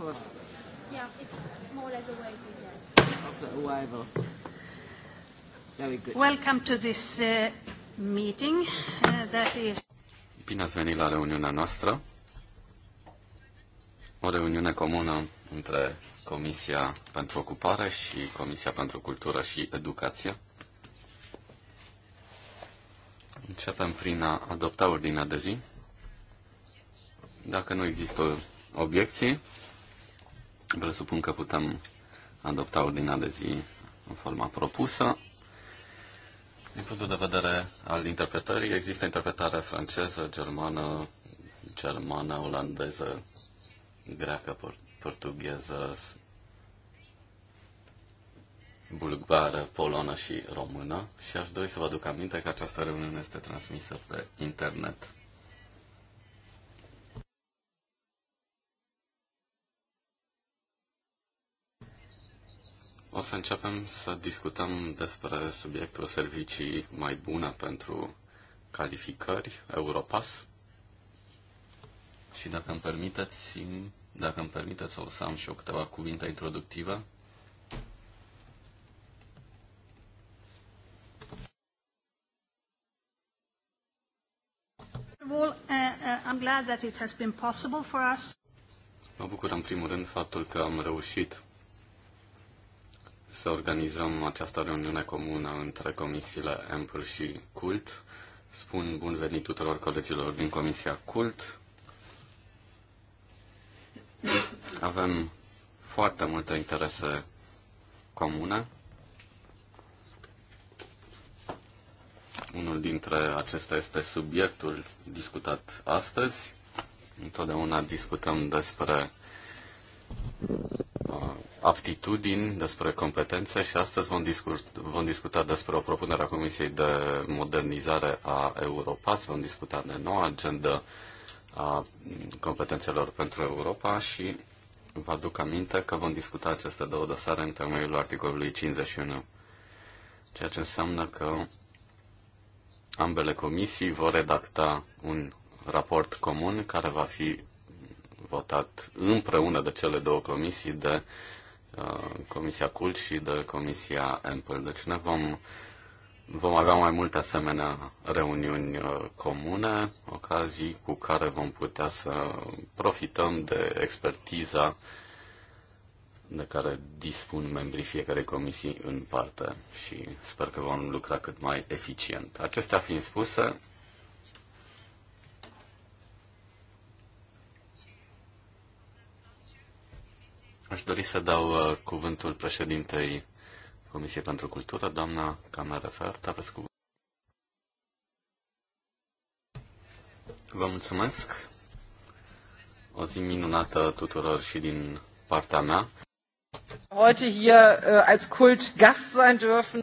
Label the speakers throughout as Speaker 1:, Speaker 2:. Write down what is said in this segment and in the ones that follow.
Speaker 1: course. Yeah, it's more a
Speaker 2: arrival. Very good. Welcome to this uh, meeting. Uh, that is.
Speaker 3: Bine ați venit la reuniunea noastră. O reuniune comună între Comisia pentru Ocupare și Comisia pentru Cultură și Educație. Începem prin a adopta ordinea de zi. Dacă nu există obiecții, Presupun că putem adopta ordinea de zi în forma propusă. Din punctul de vedere al interpretării, există interpretare franceză, germană, germană, olandeză, greacă, portugheză, bulgară, polonă și română și aș dori să vă aduc aminte că această reuniune este transmisă pe internet. O să începem să discutăm despre subiectul servicii mai bune pentru calificări, Europass. Și dacă îmi permiteți, dacă îmi permiteți, o să am și eu câteva cuvinte introductive. Mă bucur în primul rând faptul că am reușit să organizăm această reuniune comună între comisiile Ample și CULT. Spun bun venit tuturor colegilor din Comisia CULT. Avem foarte multe interese comune. Unul dintre acestea este subiectul discutat astăzi. Întotdeauna discutăm despre Uh, aptitudini, despre competențe și astăzi vom, discurs, vom discuta despre o propunere a Comisiei de modernizare a Europas, vom discuta de noua agenda a competențelor pentru Europa și vă aduc aminte că vom discuta aceste două dosare în temeiul articolului 51, ceea ce înseamnă că ambele comisii vor redacta un raport comun care va fi votat împreună de cele două comisii, de uh, Comisia Cult și de Comisia Ample. Deci ne vom, vom avea mai multe asemenea reuniuni uh, comune, ocazii cu care vom putea să profităm de expertiza de care dispun membrii fiecarei comisii în parte și sper că vom lucra cât mai eficient. Acestea fiind spuse, Aș dori să dau uh, cuvântul președintei Comisiei pentru Cultură, doamna Camera Fert. Aveți cuvânt. Vă mulțumesc. O zi minunată tuturor și din partea mea.
Speaker 1: Heute hier uh, als Kult Gast sein dürfen.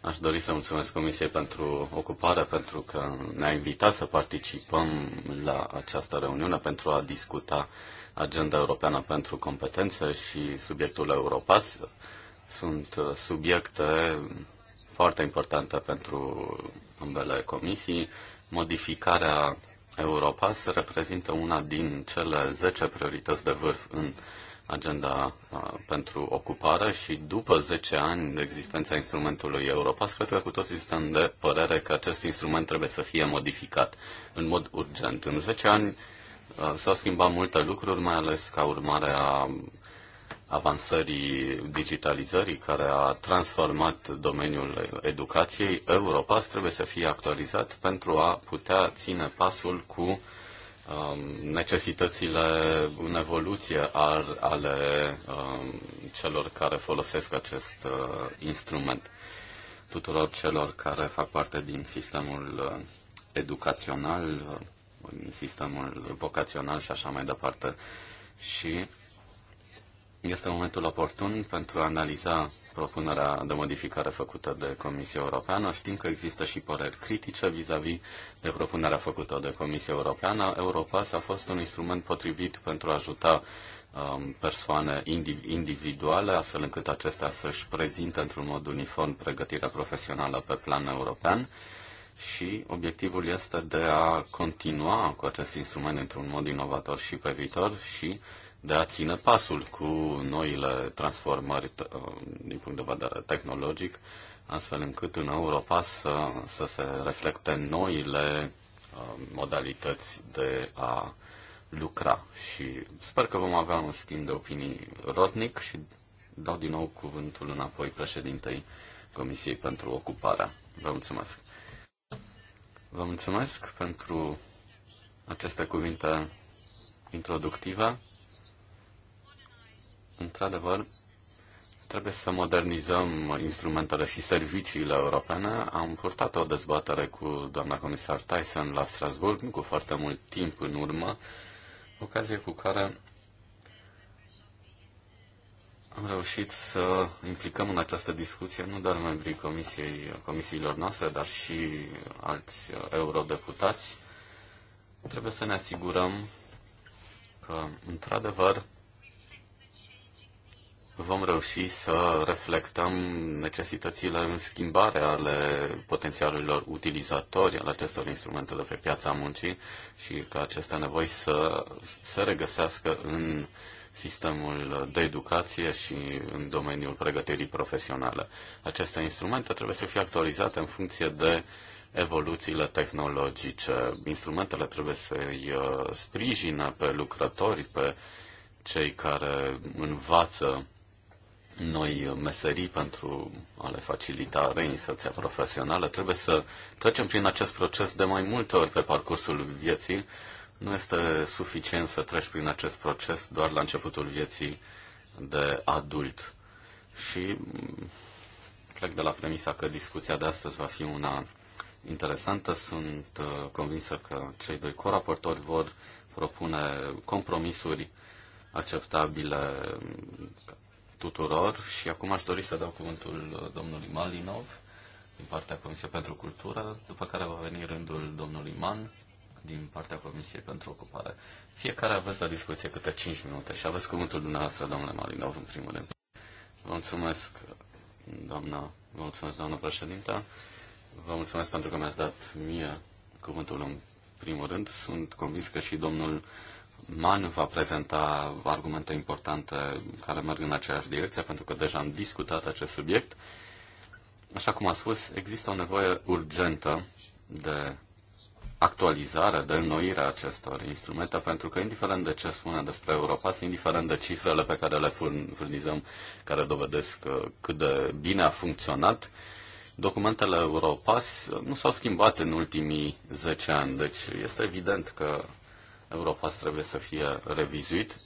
Speaker 3: Aș dori să mulțumesc Comisiei pentru ocupare, pentru că ne-a invitat să participăm la această reuniune pentru a discuta uh, Agenda Europeană pentru Competență și subiectul EuroPAS sunt uh, subiecte foarte importante pentru ambele comisii. Modificarea EuroPAS reprezintă una din cele 10 priorități de vârf în agenda uh, pentru ocupare și după 10 ani de existența instrumentului EuroPAS, cred că cu toții suntem de părere că acest instrument trebuie să fie modificat în mod urgent. În 10 ani Uh, S-au schimbat multe lucruri, mai ales ca urmare a avansării digitalizării care a transformat domeniul educației, Europa trebuie să fie actualizat pentru a putea ține pasul cu um, necesitățile în evoluție ale um, celor care folosesc acest uh, instrument, tuturor celor care fac parte din sistemul uh, educațional, uh, în sistemul vocațional și așa mai departe. Și este momentul oportun pentru a analiza propunerea de modificare făcută de Comisia Europeană. Știm că există și păreri critice vis-a-vis -vis de propunerea făcută de Comisia Europeană. Europass a fost un instrument potrivit pentru a ajuta um, persoane individuale, astfel încât acestea să-și prezinte într-un mod uniform pregătirea profesională pe plan european și obiectivul este de a continua cu acest instrument într-un mod inovator și pe viitor și de a ține pasul cu noile transformări uh, din punct de vedere tehnologic, astfel încât în Europa să, să se reflecte noile uh, modalități de a lucra. Și sper că vom avea un schimb de opinii rotnic și dau din nou cuvântul înapoi președintei Comisiei pentru Ocuparea. Vă mulțumesc! Vă mulțumesc pentru aceste cuvinte introductive. Într-adevăr, trebuie să modernizăm instrumentele și serviciile europene. Am purtat o dezbatere cu doamna comisar Tyson la Strasburg, cu foarte mult timp în urmă, ocazie cu care am reușit să implicăm în această discuție nu doar membrii comisiei, comisiilor noastre, dar și alți eurodeputați. Trebuie să ne asigurăm că, într-adevăr, vom reuși să reflectăm necesitățile în schimbare ale potențialurilor utilizatori al acestor instrumente de pe piața muncii și că aceste nevoi să se regăsească în uh, sistemul de educație și în domeniul pregătirii profesionale. Aceste instrumente trebuie să fie actualizate în funcție de evoluțiile tehnologice. Instrumentele trebuie să-i uh, sprijină pe lucrători, pe cei care învață noi meserii pentru a le facilita reinserția profesională. Trebuie să trecem prin acest proces de mai multe ori pe parcursul vieții nu este suficient să treci prin acest proces doar la începutul vieții de adult. Și plec mm, de la premisa că discuția de astăzi va fi una interesantă. Sunt uh, convinsă că cei doi coraportori vor propune compromisuri acceptabile mm, tuturor și acum aș dori să dau cuvântul uh, domnului Malinov din partea Comisiei pentru Cultură, după care va veni rândul domnului Man din partea Comisiei pentru Ocupare. Fiecare aveți la discuție câte 5 minute și aveți cuvântul dumneavoastră, domnule Malinov, în primul rând. Vă mulțumesc, doamna, vă mulțumesc, doamna președinte. Vă mulțumesc pentru că mi-ați dat mie cuvântul în primul rând. Sunt convins că și domnul Man va prezenta argumente importante care merg în aceeași direcție, pentru că deja am discutat acest subiect. Așa cum a spus, există o nevoie urgentă de actualizare, de înnoire a acestor instrumente, pentru că indiferent de ce spune despre Europa, indiferent de cifrele pe care le furnizăm, care dovedesc uh, cât de bine a funcționat, documentele Europas uh, nu s-au schimbat în ultimii 10 ani, deci este evident că Europa trebuie să fie revizuit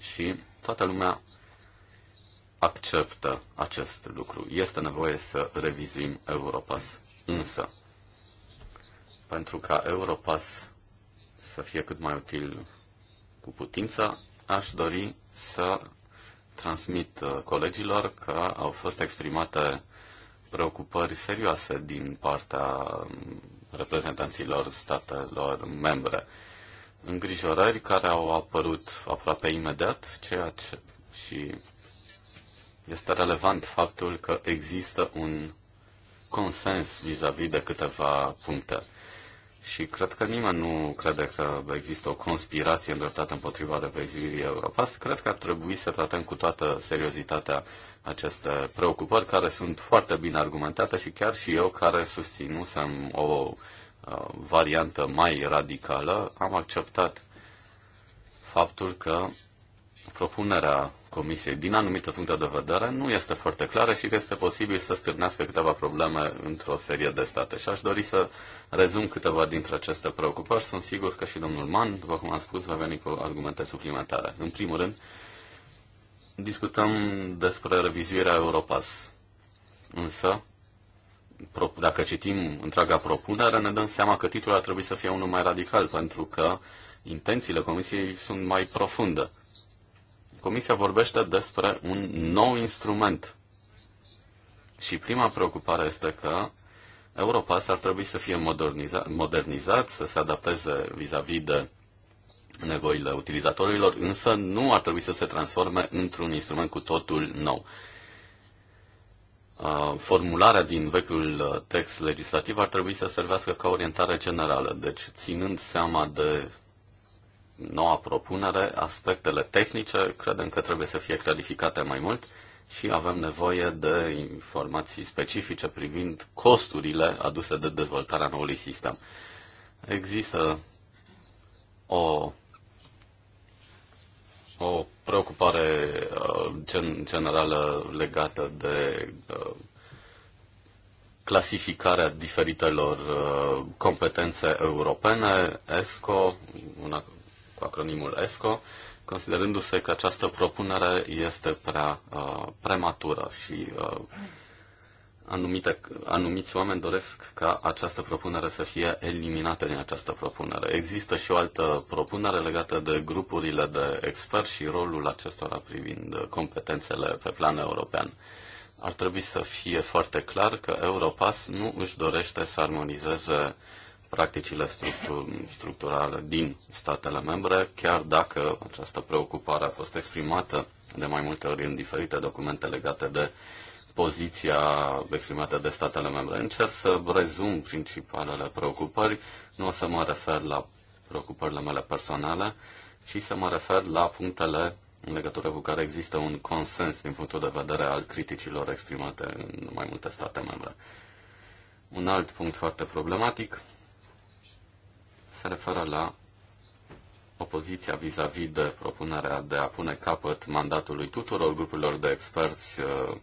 Speaker 3: și toată lumea acceptă acest lucru. Este nevoie să revizuim Europa, Însă, pentru ca Europass să fie cât mai util cu putință, aș dori să transmit uh, colegilor că au fost exprimate preocupări serioase din partea um, reprezentanților statelor membre. Îngrijorări care au apărut aproape imediat, ceea ce și este relevant faptul că există un consens vis-a-vis -vis de câteva puncte. Și cred că nimeni nu crede că există o conspirație îndreptată împotriva revizuirii Europass. Cred că ar trebui să tratăm cu toată seriozitatea aceste preocupări care sunt foarte bine argumentate și chiar și eu care susținusem o uh, variantă mai radicală, am acceptat faptul că propunerea Comisiei, din anumite puncte de vedere, nu este foarte clară și că este posibil să stârnească câteva probleme într-o serie de state. Și aș dori să rezum câteva dintre aceste preocupări. Sunt sigur că și domnul Mann, după cum am spus, va veni cu argumente suplimentare. În primul rând, discutăm despre revizuirea Europas. Însă, dacă citim întreaga propunere, ne dăm seama că titlul ar trebui să fie unul mai radical, pentru că intențiile Comisiei sunt mai profunde Comisia vorbește despre un nou instrument. Și prima preocupare este că Europass ar trebui să fie moderniza- modernizat să se adapteze vis-a-vis -vis de nevoile utilizatorilor, însă nu ar trebui să se transforme într-un instrument cu totul nou. Formularea din vechiul text legislativ ar trebui să servească ca orientare generală, deci ținând seama de noua propunere, aspectele tehnice credem că trebuie să fie clarificate mai mult și avem nevoie de informații specifice privind costurile aduse de dezvoltarea noului sistem. Există o, o preocupare uh, gen, generală legată de uh, clasificarea diferitelor uh, competențe europene, ESCO, una, cu acronimul ESCO, considerându-se că această propunere este prea uh, prematură și uh, anumite, anumiți oameni doresc ca această propunere să fie eliminată din această propunere. Există și o altă propunere legată de grupurile de experți și rolul acestora privind competențele pe plan european. Ar trebui să fie foarte clar că Europass nu își dorește să armonizeze practicile structurale din statele membre, chiar dacă această preocupare a fost exprimată de mai multe ori în diferite documente legate de poziția exprimată de statele membre. Încerc să rezum principalele preocupări, nu o să mă refer la preocupările mele personale, ci să mă refer la punctele în legătură cu care există un consens din punctul de vedere al criticilor exprimate în mai multe state membre. Un alt punct foarte problematic se referă la opoziția vis-a-vis -vis de propunerea de a pune capăt mandatului tuturor grupurilor de experți uh,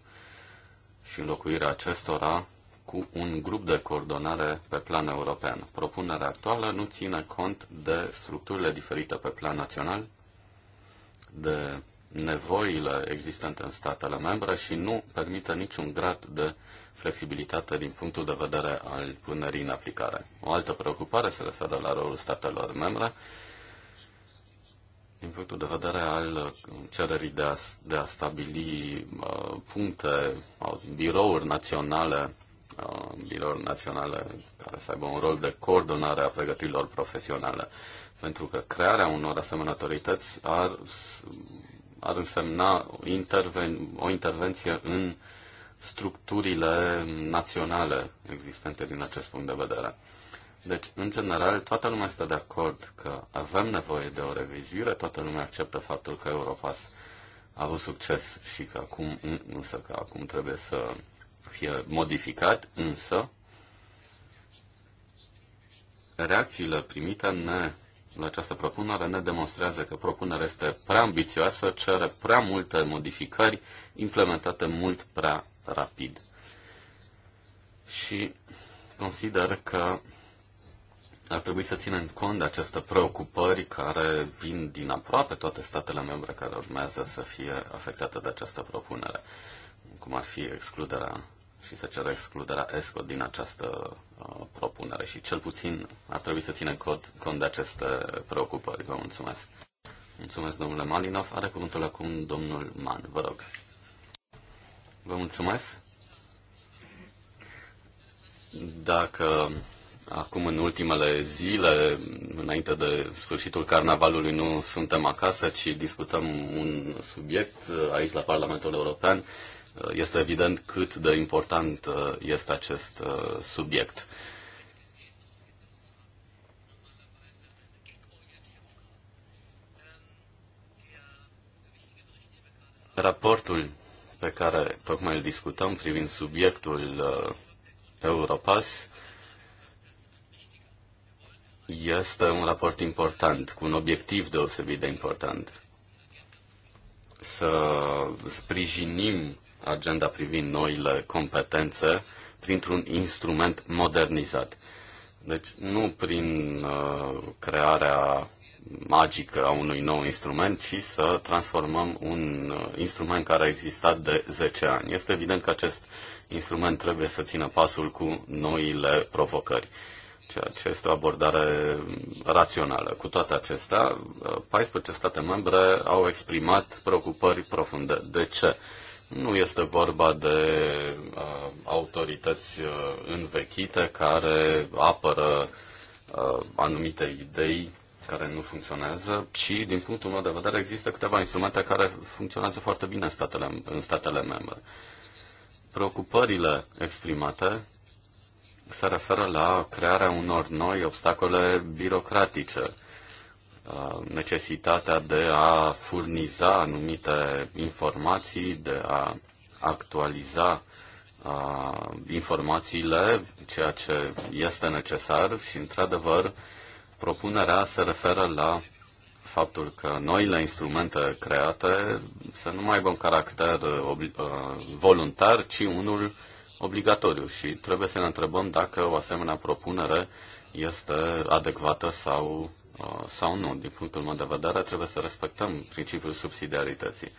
Speaker 3: și înlocuirea acestora cu un grup de coordonare pe plan european. Propunerea actuală nu ține cont de structurile diferite pe plan național, de nevoile existente în statele membre și nu permite niciun grad de flexibilitate din punctul de vedere al punerii în aplicare. O altă preocupare se referă la rolul statelor membre din punctul de vedere al uh, cererii de a, de a stabili uh, puncte, uh, birouri naționale, uh, birouri naționale care să aibă un rol de coordonare a pregătirilor profesionale. Pentru că crearea unor asemenea autorități ar, ar însemna interven, o intervenție în uh, structurile naționale existente din acest punct de vedere. Deci, în general, toată lumea este de acord că avem nevoie de o revizuire, toată lumea acceptă faptul că Europass a avut succes și că acum, însă, că acum trebuie să fie modificat, însă reacțiile primite ne, la această propunere ne demonstrează că propunerea este prea ambițioasă, cere prea multe modificări implementate mult prea rapid. Și consider că ar trebui să ținem cont de aceste preocupări care vin din aproape toate statele membre care urmează să fie afectate de această propunere, cum ar fi excluderea și să ceră excluderea ESCO din această uh, propunere și cel puțin ar trebui să ținem cont, cont de aceste preocupări. Vă mulțumesc. Mulțumesc, domnule Malinov. Are cuvântul acum domnul Man. Vă rog. Vă mulțumesc. Dacă acum în ultimele zile, înainte de sfârșitul carnavalului, nu suntem acasă, ci discutăm un subiect uh, aici la Parlamentul European, uh, este evident cât de important uh, este acest subiect. Raportul pe care tocmai îl discutăm privind subiectul uh, Europass este un raport important, cu un obiectiv deosebit de important. Să sprijinim agenda privind noile competențe printr-un instrument modernizat. Deci nu prin uh, crearea magică a unui nou instrument, ci să transformăm un uh, instrument care a existat de 10 ani. Este evident că acest instrument trebuie să țină pasul cu noile provocări, ceea ce este o abordare rațională. Cu toate acestea, 14 uh, state membre au exprimat preocupări profunde. De ce? Nu este vorba de uh, autorități uh, învechite care apără uh, anumite idei care nu funcționează, ci, din punctul meu de vedere, există câteva instrumente care funcționează foarte bine în statele, în statele membre. Preocupările exprimate se referă la crearea unor noi obstacole birocratice, uh, necesitatea de a furniza anumite informații, de a actualiza uh, informațiile, ceea ce este necesar și, într-adevăr, Propunerea se referă la faptul că noile instrumente create să nu mai aibă un caracter uh, uh, voluntar, ci unul obligatoriu și trebuie să ne întrebăm dacă o asemenea propunere este adecvată sau, uh, sau nu. Din punctul meu de vedere, trebuie să respectăm principiul subsidiarității.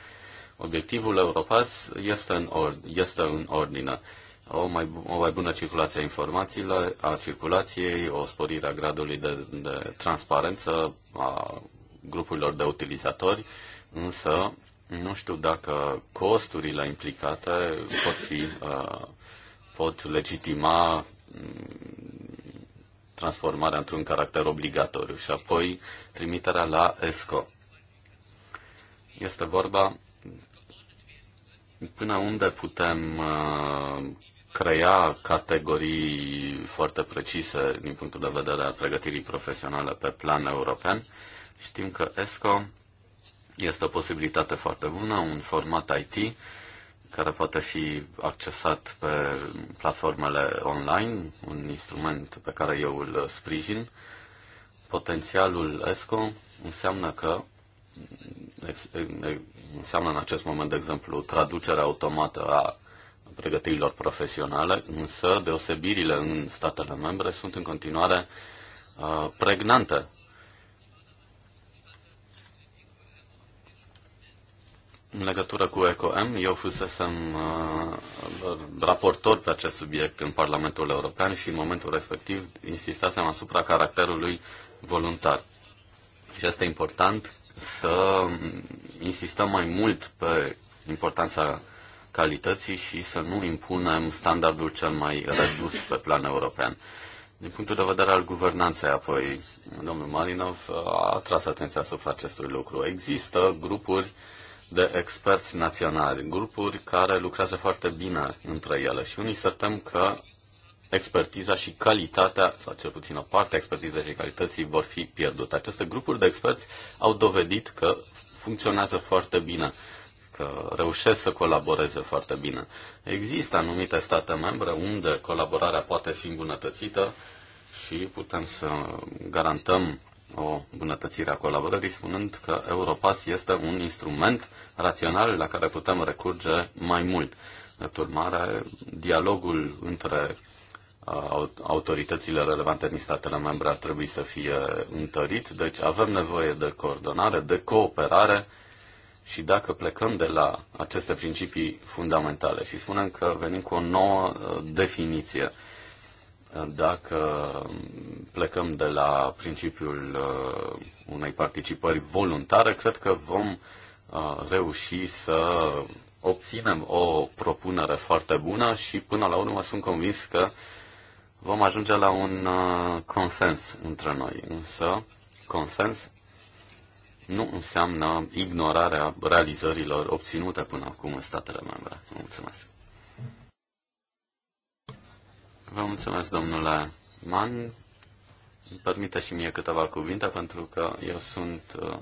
Speaker 3: Obiectivul Europas este în, ord- este în ordine o mai, o mai bună circulație a informațiilor, a circulației, o sporire a gradului de, de transparență a grupurilor de utilizatori, însă nu știu dacă costurile implicate pot fi pot legitima mm, transformarea într-un caracter obligatoriu și apoi trimiterea la ESCO. Este vorba până unde putem crea categorii foarte precise din punctul de vedere al pregătirii profesionale pe plan european. Știm că ESCO este o posibilitate foarte bună, un format IT care poate fi accesat pe platformele online, un instrument pe care eu îl sprijin. Potențialul ESCO înseamnă că înseamnă în acest moment, de exemplu, traducerea automată a pregătirilor profesionale, însă deosebirile în statele membre sunt în continuare uh, pregnante. În legătură cu ECOM, eu fusesem uh, raportor pe acest subiect în Parlamentul European și în momentul respectiv insistasem asupra caracterului voluntar. Și este important să insistăm mai mult pe importanța uh, calității și să nu impunem standardul cel mai redus pe plan european. Din punctul de vedere al guvernanței, apoi, domnul Marinov a atras atenția asupra acestui lucru. Există grupuri de experți naționali, grupuri care lucrează foarte bine între ele și unii se tem că expertiza și calitatea, sau cel puțin o parte a expertizei și calității, vor fi pierdute. Aceste grupuri de experți au dovedit că funcționează foarte bine că reușesc să colaboreze foarte bine. Există anumite state membre unde colaborarea poate fi îmbunătățită și putem să garantăm o îmbunătățire a colaborării, spunând că Europass este un instrument rațional la care putem recurge mai mult. De urmare, dialogul între uh, autoritățile relevante din statele membre ar trebui să fie întărit, deci avem nevoie de coordonare, de cooperare și dacă plecăm de la aceste principii fundamentale și spunem că venim cu o nouă uh, definiție, uh, dacă plecăm de la principiul uh, unei participări voluntare, cred că vom reuși să obținem o propunere foarte bună și până la urmă sunt convins că vom ajunge la un consens între noi. Însă, consens nu înseamnă ignorarea realizărilor obținute până acum în statele membre. Vă mulțumesc. Vă mulțumesc, domnule Man. Îmi permite și mie câteva cuvinte, pentru că eu sunt uh,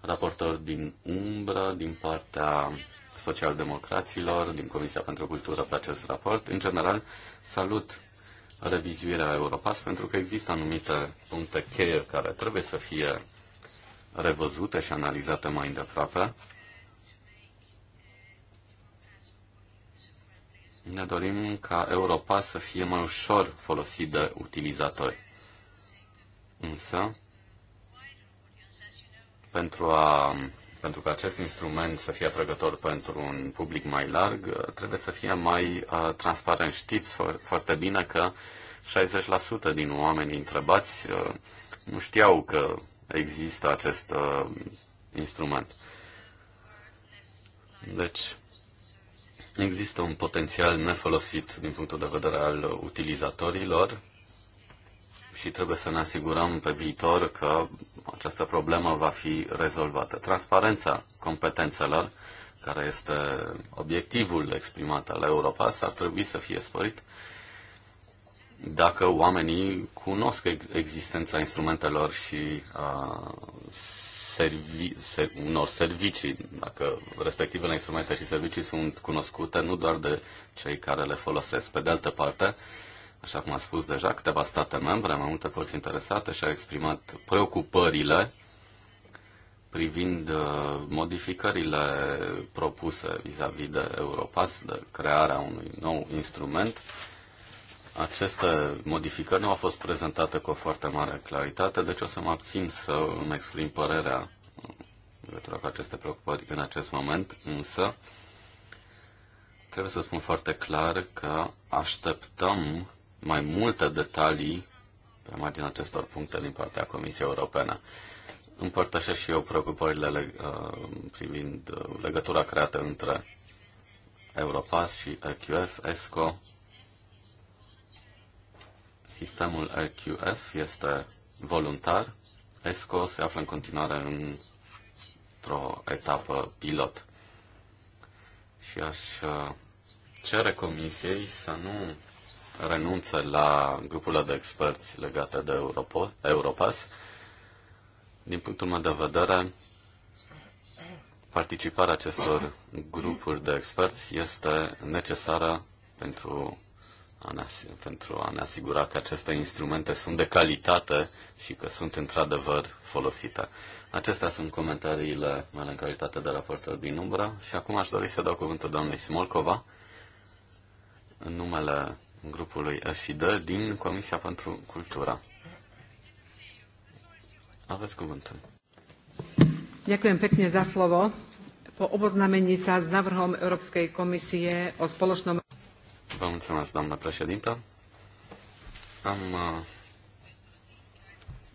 Speaker 3: raportor din umbră, din partea socialdemocraților, din Comisia pentru Cultură pe acest raport. În general, salut revizuirea Europass, pentru că există anumite puncte cheie care trebuie să fie revăzute și analizate mai îndeaproape. Ne dorim ca Europa să fie mai ușor folosit de utilizatori. Însă, pentru, a, pentru că acest instrument să fie atrăgător pentru un public mai larg, trebuie să fie mai uh, transparent. Știți foarte bine că 60% din oamenii întrebați uh, nu știau că există acest uh, instrument. Deci, există un potențial nefolosit din punctul de vedere al utilizatorilor și trebuie să ne asigurăm pe viitor că această problemă va fi rezolvată. Transparența competențelor, care este obiectivul exprimat al Europass, ar trebui să fie sporit dacă oamenii cunosc existența instrumentelor și a uh, servi- ser- unor servicii, dacă respectivele instrumente și servicii sunt cunoscute nu doar de cei care le folosesc. Pe de altă parte, așa cum a spus deja, câteva state membre, mai multe părți interesate și-au exprimat preocupările privind uh, modificările propuse vis-a-vis -vis de Europass, de crearea unui nou instrument aceste modificări nu au fost prezentate cu o foarte mare claritate, deci o să mă abțin să îmi exprim părerea legătură cu aceste preocupări în acest moment, însă trebuie să spun foarte clar că așteptăm mai multe detalii pe marginea acestor puncte din partea Comisiei Europene. Împărtășesc și eu preocupările leg- uh, privind uh, legătura creată între Europass și EQF, ESCO, Sistemul EQF este voluntar. ESCO se află în continuare într-o etapă pilot. Și aș uh, cere Comisiei să nu renunțe la grupurile de experți legate de Europol, Europas, Din punctul meu de vedere, participarea acestor grupuri de experți este necesară pentru a ne, pentru a ne asigura că aceste instrumente sunt de calitate și că sunt într-adevăr folosite. Acestea sunt comentariile mele în calitate de raportor din Umbra și acum aș dori să dau cuvântul doamnei Smolcova în numele grupului SID din Comisia pentru Cultura. Aveți cuvântul.
Speaker 1: Ďakujem pekne za slovo. Po oboznamení sa s návrhom Európskej komisie o spoločnom
Speaker 3: Vă mulțumesc, doamnă președintă. Am uh,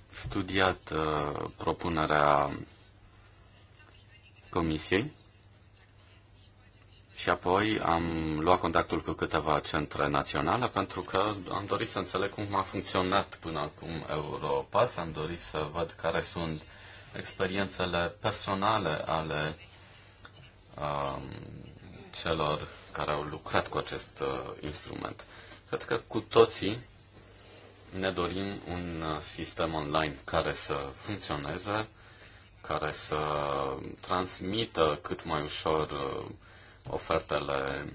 Speaker 3: studiat uh, propunerea comisiei și apoi am luat contactul cu câteva centre naționale pentru că am dorit să înțeleg cum a funcționat până acum Europass, am dorit să văd care sunt experiențele personale ale um, celor care au lucrat cu acest uh, instrument. Cred că cu toții ne dorim un uh, sistem online care să funcționeze, care să transmită cât mai ușor uh, ofertele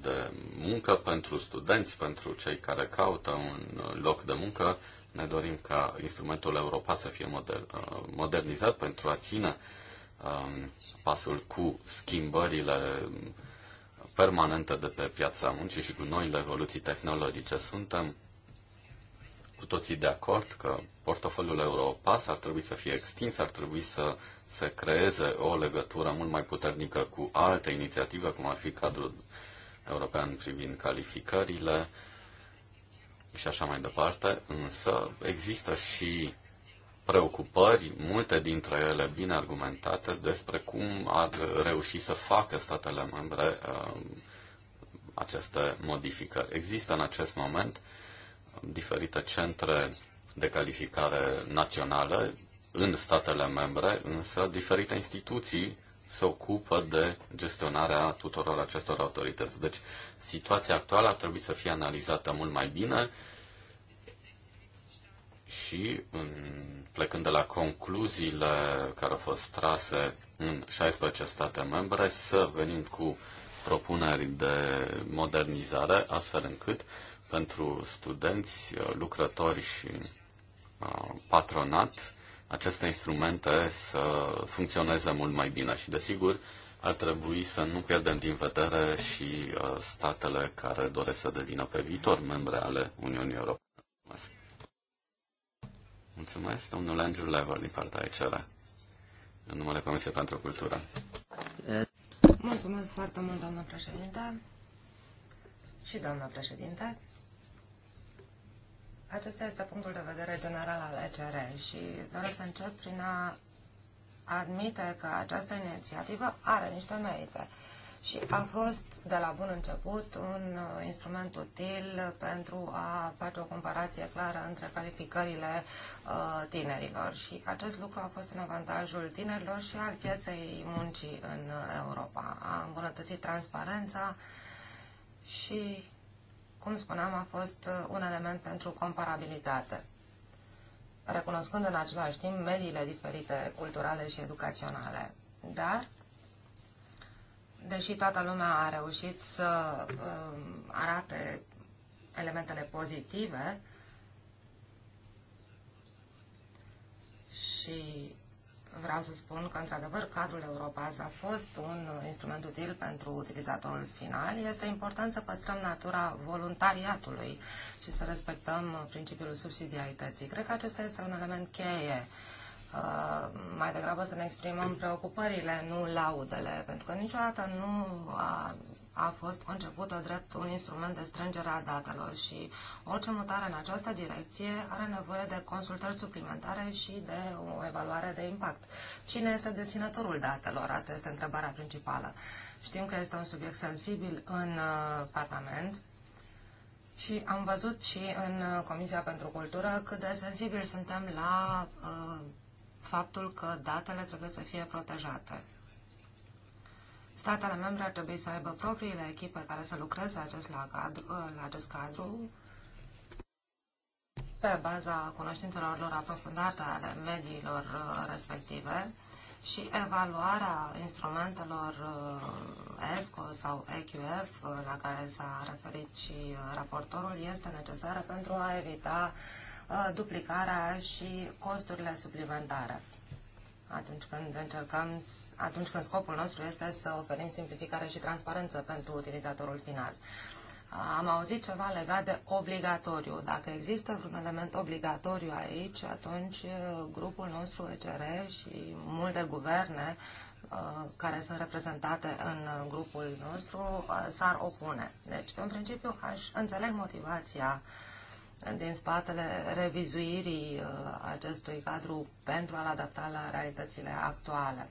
Speaker 3: de muncă pentru studenți, pentru cei care caută un loc de muncă. Ne dorim ca instrumentul Europa să fie moder- modernizat pentru a ține um, pasul cu schimbările permanentă de pe piața muncii și cu noile evoluții tehnologice. Suntem cu toții de acord că portofoliul Europass ar trebui să fie extins, ar trebui să se creeze o legătură mult mai puternică cu alte inițiative, cum ar fi cadrul european privind calificările și așa mai departe, însă există și preocupări, multe dintre ele bine argumentate, despre cum ar reuși să facă statele membre um, aceste modificări. Există în acest moment diferite centre de calificare naționale în statele membre, însă diferite instituții se ocupă de gestionarea tuturor acestor autorități. Deci, situația actuală ar trebui să fie analizată mult mai bine, și în, plecând de la concluziile care au fost trase în 16 state membre, să venim cu propuneri de modernizare, astfel încât pentru studenți, lucrători și patronat, aceste instrumente să funcționeze mult mai bine și, desigur, ar trebui să nu pierdem din vedere și statele care doresc să devină pe viitor membre ale Uniunii Europene. Mulțumesc, domnul Andrew Lever, din partea ICR, în numele Comisiei pentru Cultură.
Speaker 2: Mulțumesc foarte mult, doamnă președinte și doamnă președinte. Acesta este punctul de vedere general al ECR și doresc să încep prin a admite că această inițiativă are niște merite. Uh, și a fost de la bun început un uh, instrument util pentru a face o comparație clară între calificările uh, tinerilor și acest lucru a fost în avantajul tinerilor și al pieței muncii în uh, Europa. A îmbunătățit transparența și, cum spuneam, a fost un element pentru comparabilitate recunoscând în același timp mediile diferite culturale și educaționale. Dar deși toată lumea a reușit să um, arate elementele pozitive și vreau să spun că, într-adevăr, cadrul Europaz a fost un instrument util pentru utilizatorul final. Este important să păstrăm natura voluntariatului și să respectăm principiul subsidiarității. Cred că acesta este un element cheie Uh, mai degrabă să ne exprimăm preocupările, nu laudele, pentru că niciodată nu a, a fost concepută drept un instrument de strângere a datelor și orice mutare în această direcție are nevoie de consultări suplimentare și de o evaluare de impact. Cine este deținătorul datelor? Asta este întrebarea principală. Știm că este un subiect sensibil în uh, Parlament, și am văzut și în uh, Comisia pentru Cultură cât de sensibil suntem la uh, faptul că datele trebuie să fie protejate. Statele membre ar trebui să aibă propriile echipe care să lucreze acest la, cadru, ă, la acest cadru pe baza cunoștințelor lor aprofundate ale mediilor ă, respective și evaluarea instrumentelor ă, ESCO sau EQF, la care s-a referit și raportorul, este necesară pentru a evita uh, Uh, duplicarea și costurile suplimentare. Atunci când, încercăm, atunci când scopul nostru este să oferim simplificare și transparență pentru utilizatorul final. Am auzit ceva legat de obligatoriu. Dacă există vreun element obligatoriu aici, atunci uh, grupul nostru ECR și multe guverne uh, care sunt reprezentate în grupul nostru s-ar opune. Deci, în principiu, aș înțeleg motivația din spatele revizuirii uh, acestui cadru pentru a-l adapta la realitățile actuale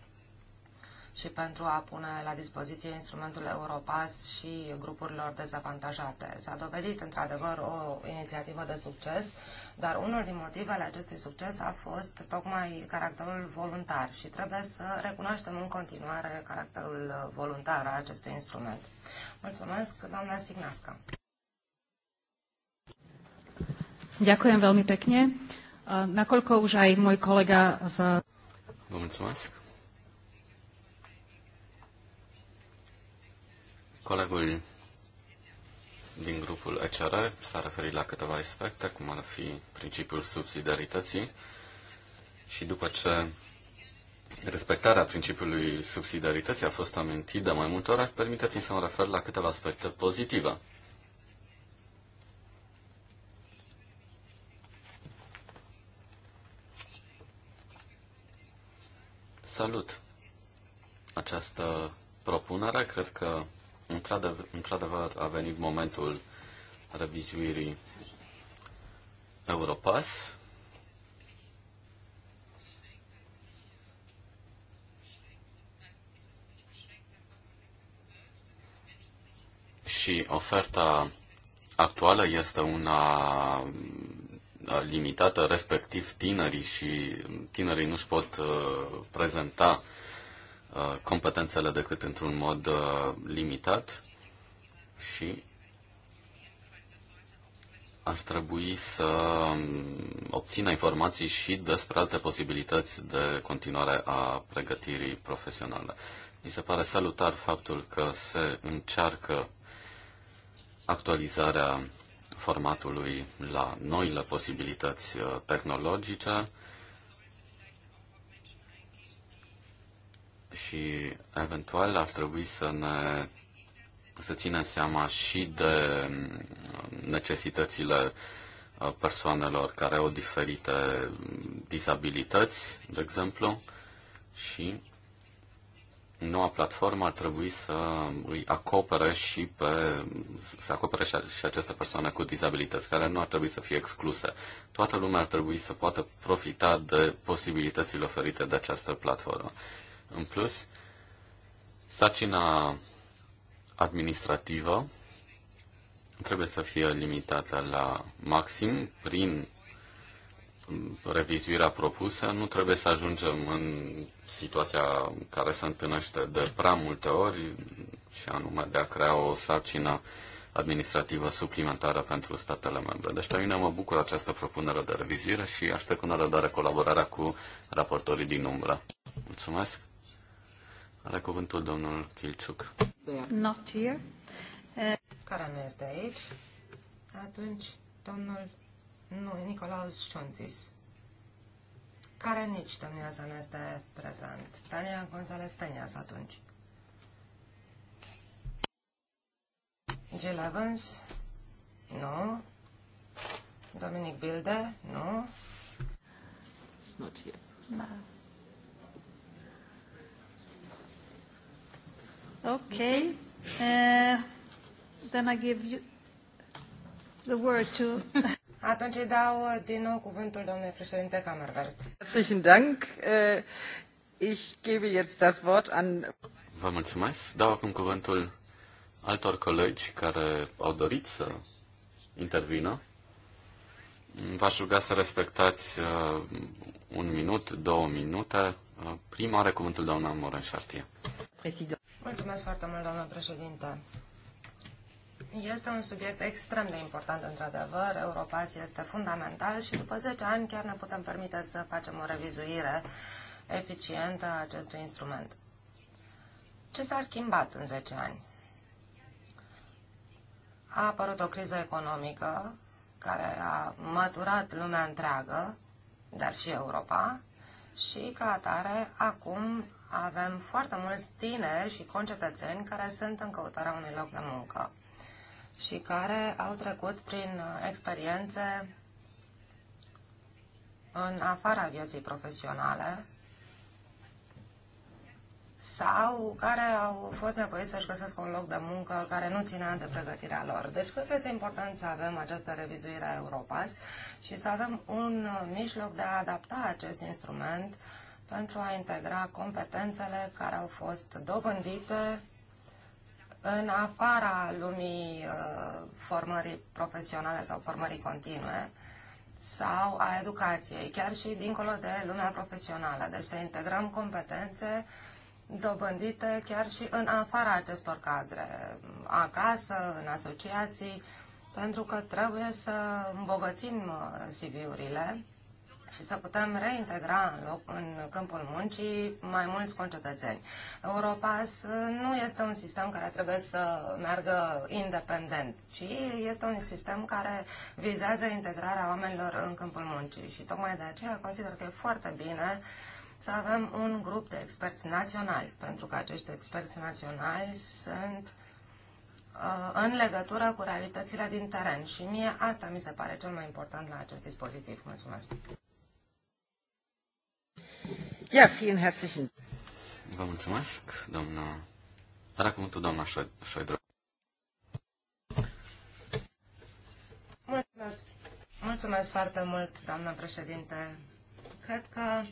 Speaker 2: și pentru a pune la dispoziție instrumentul Europass și grupurilor dezavantajate. S-a dovedit într-adevăr o inițiativă de succes, dar unul din motivele acestui succes a fost tocmai caracterul voluntar și trebuie să recunoaștem în continuare caracterul uh, voluntar al acestui instrument. Mulțumesc, doamna Signasca. Ďakujem veľmi pekne. Nakoľko už aj môj kolega z...
Speaker 3: Vă mulțumesc. Colegul din grupul ECR s-a referit la câteva aspecte, cum ar fi principiul subsidiarității și după ce respectarea principiului subsidiarității a fost amintită mai multe ori, permiteți-mi să mă refer la câteva aspecte pozitive. Salut această propunere. Cred că, într-adevăr, a venit momentul revizuirii Europass. Și oferta actuală este una limitată, respectiv tinerii și tinerii nu-și pot uh, prezenta uh, competențele decât într-un mod uh, limitat și ar trebui să um, obțină informații și despre alte posibilități de continuare a pregătirii profesionale. Mi se pare salutar faptul că se încearcă actualizarea formatului la noile posibilități uh, tehnologice și eventual ar trebui să ne să ținem seama și de mm, necesitățile uh, persoanelor care au diferite mm, disabilități, de exemplu, și noua platformă ar trebui să îi acopere și pe, să acopere și, aceste persoane cu dizabilități, care nu ar trebui să fie excluse. Toată lumea ar trebui să poată profita de posibilitățile oferite de această platformă. În plus, sarcina administrativă trebuie să fie limitată la maxim prin revizuirea propusă, nu trebuie să ajungem în situația care se întâlnește de prea multe ori, și anume de a crea o sarcină administrativă suplimentară pentru statele membre. Deci pe mine mă bucur această propunere de revizuire și aștept cu nerăbdare colaborarea cu raportorii din umbră. Mulțumesc. Are cuvântul domnul Kilciuc.
Speaker 1: Not here.
Speaker 2: Care nu este aici? Atunci, domnul nu, e Nicolaus Ciuntis, care nici domnia să nu este prezent. Tania González Peñas atunci. Jill Evans? Nu. Dominic Bilde?
Speaker 1: Nu. It's not here.
Speaker 2: No. Da. Okay. Uh, then I give you the word to... Atunci îi dau uh, din nou cuvântul domnului președinte Kammerwert.
Speaker 1: Herzlichen Dank. Uh, ich gebe jetzt das Wort an...
Speaker 3: Vă mulțumesc. Dau acum cuvântul altor colegi care au dorit să intervină. V-aș ruga să respectați uh, un minut, două minute. Uh, prima are cuvântul doamna Moren Șartie.
Speaker 2: Mulțumesc foarte mult, doamna președinte. Este un subiect extrem de important, într-adevăr. Europass este fundamental și după 10 ani chiar ne putem permite să facem o revizuire eficientă a acestui instrument. Ce s-a schimbat în 10 ani? A apărut o criză economică care a măturat lumea întreagă, dar și Europa, și ca atare acum avem foarte mulți tineri și concetățeni care sunt în căutarea unui loc de muncă și care au trecut prin uh, experiențe în afara vieții profesionale sau care au fost nevoiți să-și găsească un loc de muncă care nu ținea de pregătirea lor. Deci cred că este important să avem această revizuire a Europas și să avem un uh, mijloc de a adapta acest instrument pentru a integra competențele care au fost dobândite în afara lumii uh, formării profesionale sau formării continue sau a educației, chiar și dincolo de lumea profesională. Deci să integrăm competențe dobândite chiar și în afara acestor cadre, acasă, în asociații, pentru că trebuie să îmbogățim uh, CV-urile și să putem reintegra în, loc, în câmpul muncii mai mulți concetățeni. Europas nu este un sistem care trebuie să meargă independent, ci este un sistem care vizează integrarea oamenilor în câmpul muncii și tocmai de aceea consider că e foarte bine să avem un grup de experți naționali, pentru că acești experți naționali sunt uh, în legătură cu realitățile din teren. Și mie asta mi se pare cel mai important la acest dispozitiv.
Speaker 1: Mulțumesc! Ja, vielen herzlichen
Speaker 3: Vă mulțumesc, doamna... Dar acum tu, doamna Șoidro.
Speaker 2: Mulțumesc. Mulțumesc foarte mult, doamna președinte. Cred că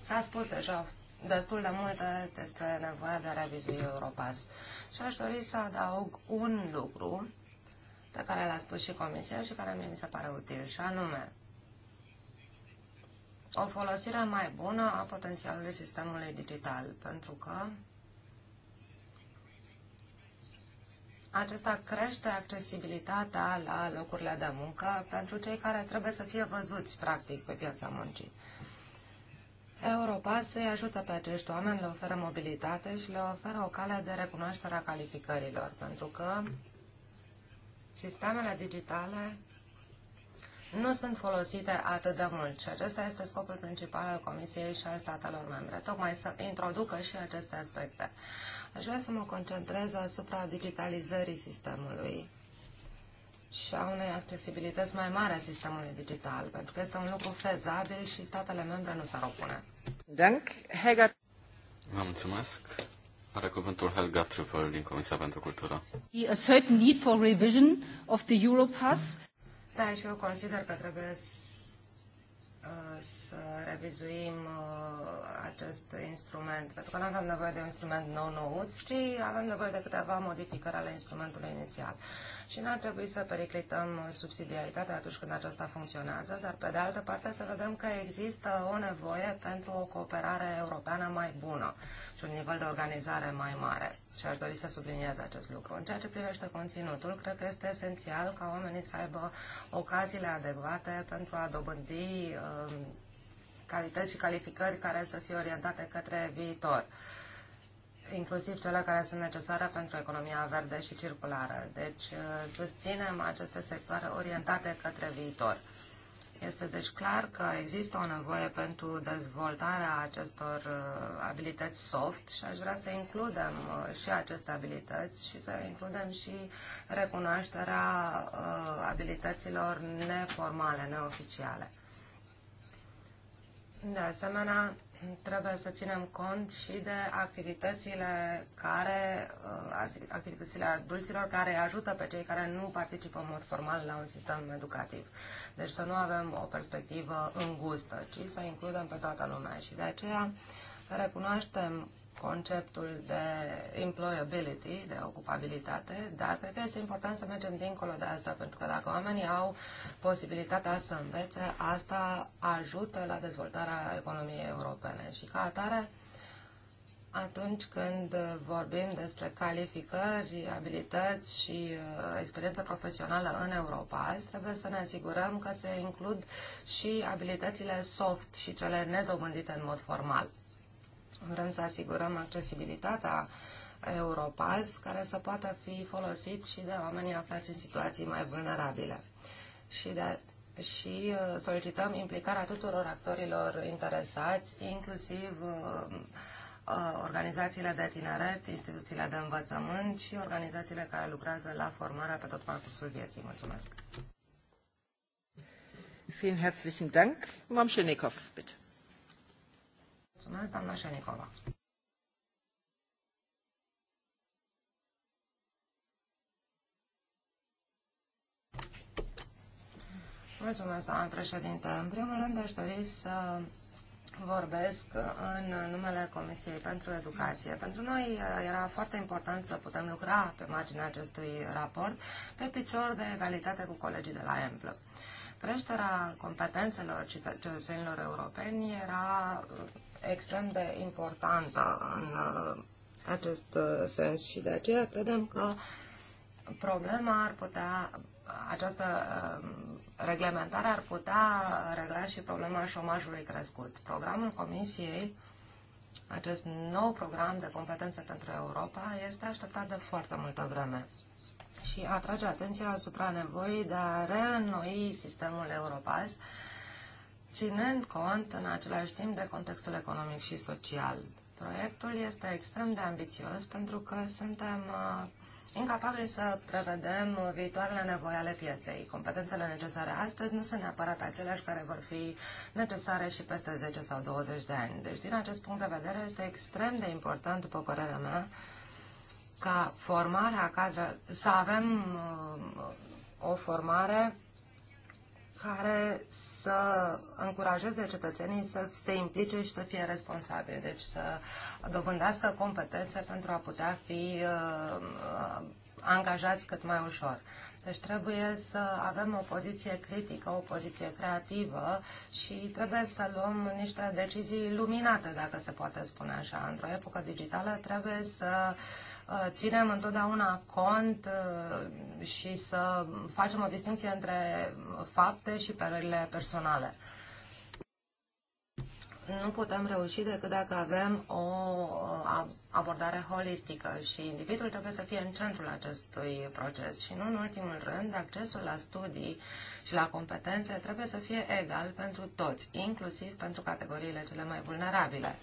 Speaker 2: s-a spus deja destul de multe despre nevoia de a Europas. Și aș dori să adaug un lucru pe care l-a spus și Comisia și care mie mi se pare util, și anume, o folosire mai bună a potențialului sistemului digital, pentru că acesta crește accesibilitatea la locurile de muncă pentru cei care trebuie să fie văzuți, practic, pe piața muncii. Europa se ajută pe acești oameni, le oferă mobilitate și le oferă o cale de recunoaștere a calificărilor, pentru că sistemele digitale nu sunt folosite atât de mult și acesta este scopul principal al Comisiei și al statelor membre, tocmai să introducă și aceste aspecte. Aș vrea să mă concentrez asupra digitalizării sistemului și a unei accesibilități mai mari a sistemului digital, pentru că este un lucru fezabil și statele membre nu s-ar opune.
Speaker 3: Vă mulțumesc. Are cuvântul Helga Trupel din Comisia pentru Cultură.
Speaker 2: A certain need for revision of the Europass da, și eu consider că trebuie uh, să revizuim uh, acest instrument, pentru că nu avem nevoie de un instrument nou-nouț, ci avem nevoie de câteva modificări ale instrumentului inițial. Și nu ar trebui să periclităm subsidiaritatea atunci când aceasta funcționează, dar pe de altă parte să vedem că există o nevoie pentru o cooperare europeană mai bună și un nivel de organizare mai mare. Și aș dori să subliniez acest lucru. În ceea ce privește conținutul, cred că este esențial ca oamenii să aibă ocaziile adecvate pentru a dobândi um, calități și calificări care să fie orientate către viitor inclusiv cele care sunt necesare pentru economia verde și circulară. Deci uh, susținem aceste sectoare orientate către viitor. Este deci clar că există o nevoie pentru dezvoltarea acestor uh, abilități soft și aș vrea să includem uh, și aceste abilități și să includem și recunoașterea abilităților neformale, neoficiale. De asemenea, trebuie să ținem cont și de activitățile care, uh, activitățile adulților care ajută pe cei care nu participă în mod formal la un sistem educativ. Deci să nu avem o perspectivă îngustă, ci să includem pe toată lumea și de aceea recunoaștem conceptul de employability, de ocupabilitate, dar cred că este important să mergem dincolo de asta, pentru că dacă oamenii au posibilitatea să învețe, asta ajută la dezvoltarea economiei europene. Și ca atare, atunci când vorbim despre calificări, abilități și uh, experiență profesională în Europa, trebuie să ne asigurăm că se includ și abilitățile soft și cele nedobândite în mod formal. Vrem să asigurăm accesibilitatea Europass, care să poată fi folosit și de oamenii aflați în situații mai vulnerabile. Și, de, și uh, solicităm implicarea tuturor actorilor interesați, inclusiv uh, uh, organizațiile de tineret, instituțiile de învățământ și organizațiile care lucrează la formarea pe tot parcursul vieții. Mulțumesc! Vielen herzlichen Dank. Mam Schönikow, bitte. Mulțumesc, doamna Șenicova. Mulțumesc, doamna președinte. În primul rând, aș dori să vorbesc în numele Comisiei pentru Educație. Pentru noi uh, era foarte important să putem lucra pe marginea acestui raport pe picior de egalitate cu colegii de la EMPLă. Creșterea competențelor cetățenilor europeni era uh, extrem de importantă în uh, acest uh, sens și de aceea credem că problema ar putea, această uh, reglementare ar putea regla și problema șomajului crescut. Programul Comisiei, acest nou program de competență pentru Europa, este așteptat de foarte multă vreme și atrage atenția asupra nevoii de a reînnoi sistemul Europass ținând cont în același timp de contextul economic și social. Proiectul este extrem de ambițios pentru că suntem uh, incapabili să prevedem viitoarele nevoi ale pieței. Competențele necesare astăzi nu sunt neapărat aceleași care vor fi necesare și peste 10 sau 20 de ani. Deci, din acest punct de vedere, este extrem de important, după părerea mea, ca formarea cadră, să avem uh, o formare care să încurajeze cetățenii să se implice și să fie responsabili, deci să dobândească competențe pentru a putea fi uh, uh, angajați cât mai ușor. Deci trebuie să avem o poziție critică, o poziție creativă și trebuie să luăm niște decizii luminate, dacă se poate spune așa. Într-o epocă digitală trebuie să uh, Uh, ținem întotdeauna cont uh, și să facem o distinție între fapte și părerile personale. Nu putem reuși decât dacă avem o uh, abordare holistică și individul trebuie să fie în centrul acestui proces și nu în ultimul rând accesul la studii și la competențe trebuie să fie egal pentru toți, inclusiv pentru categoriile cele mai vulnerabile.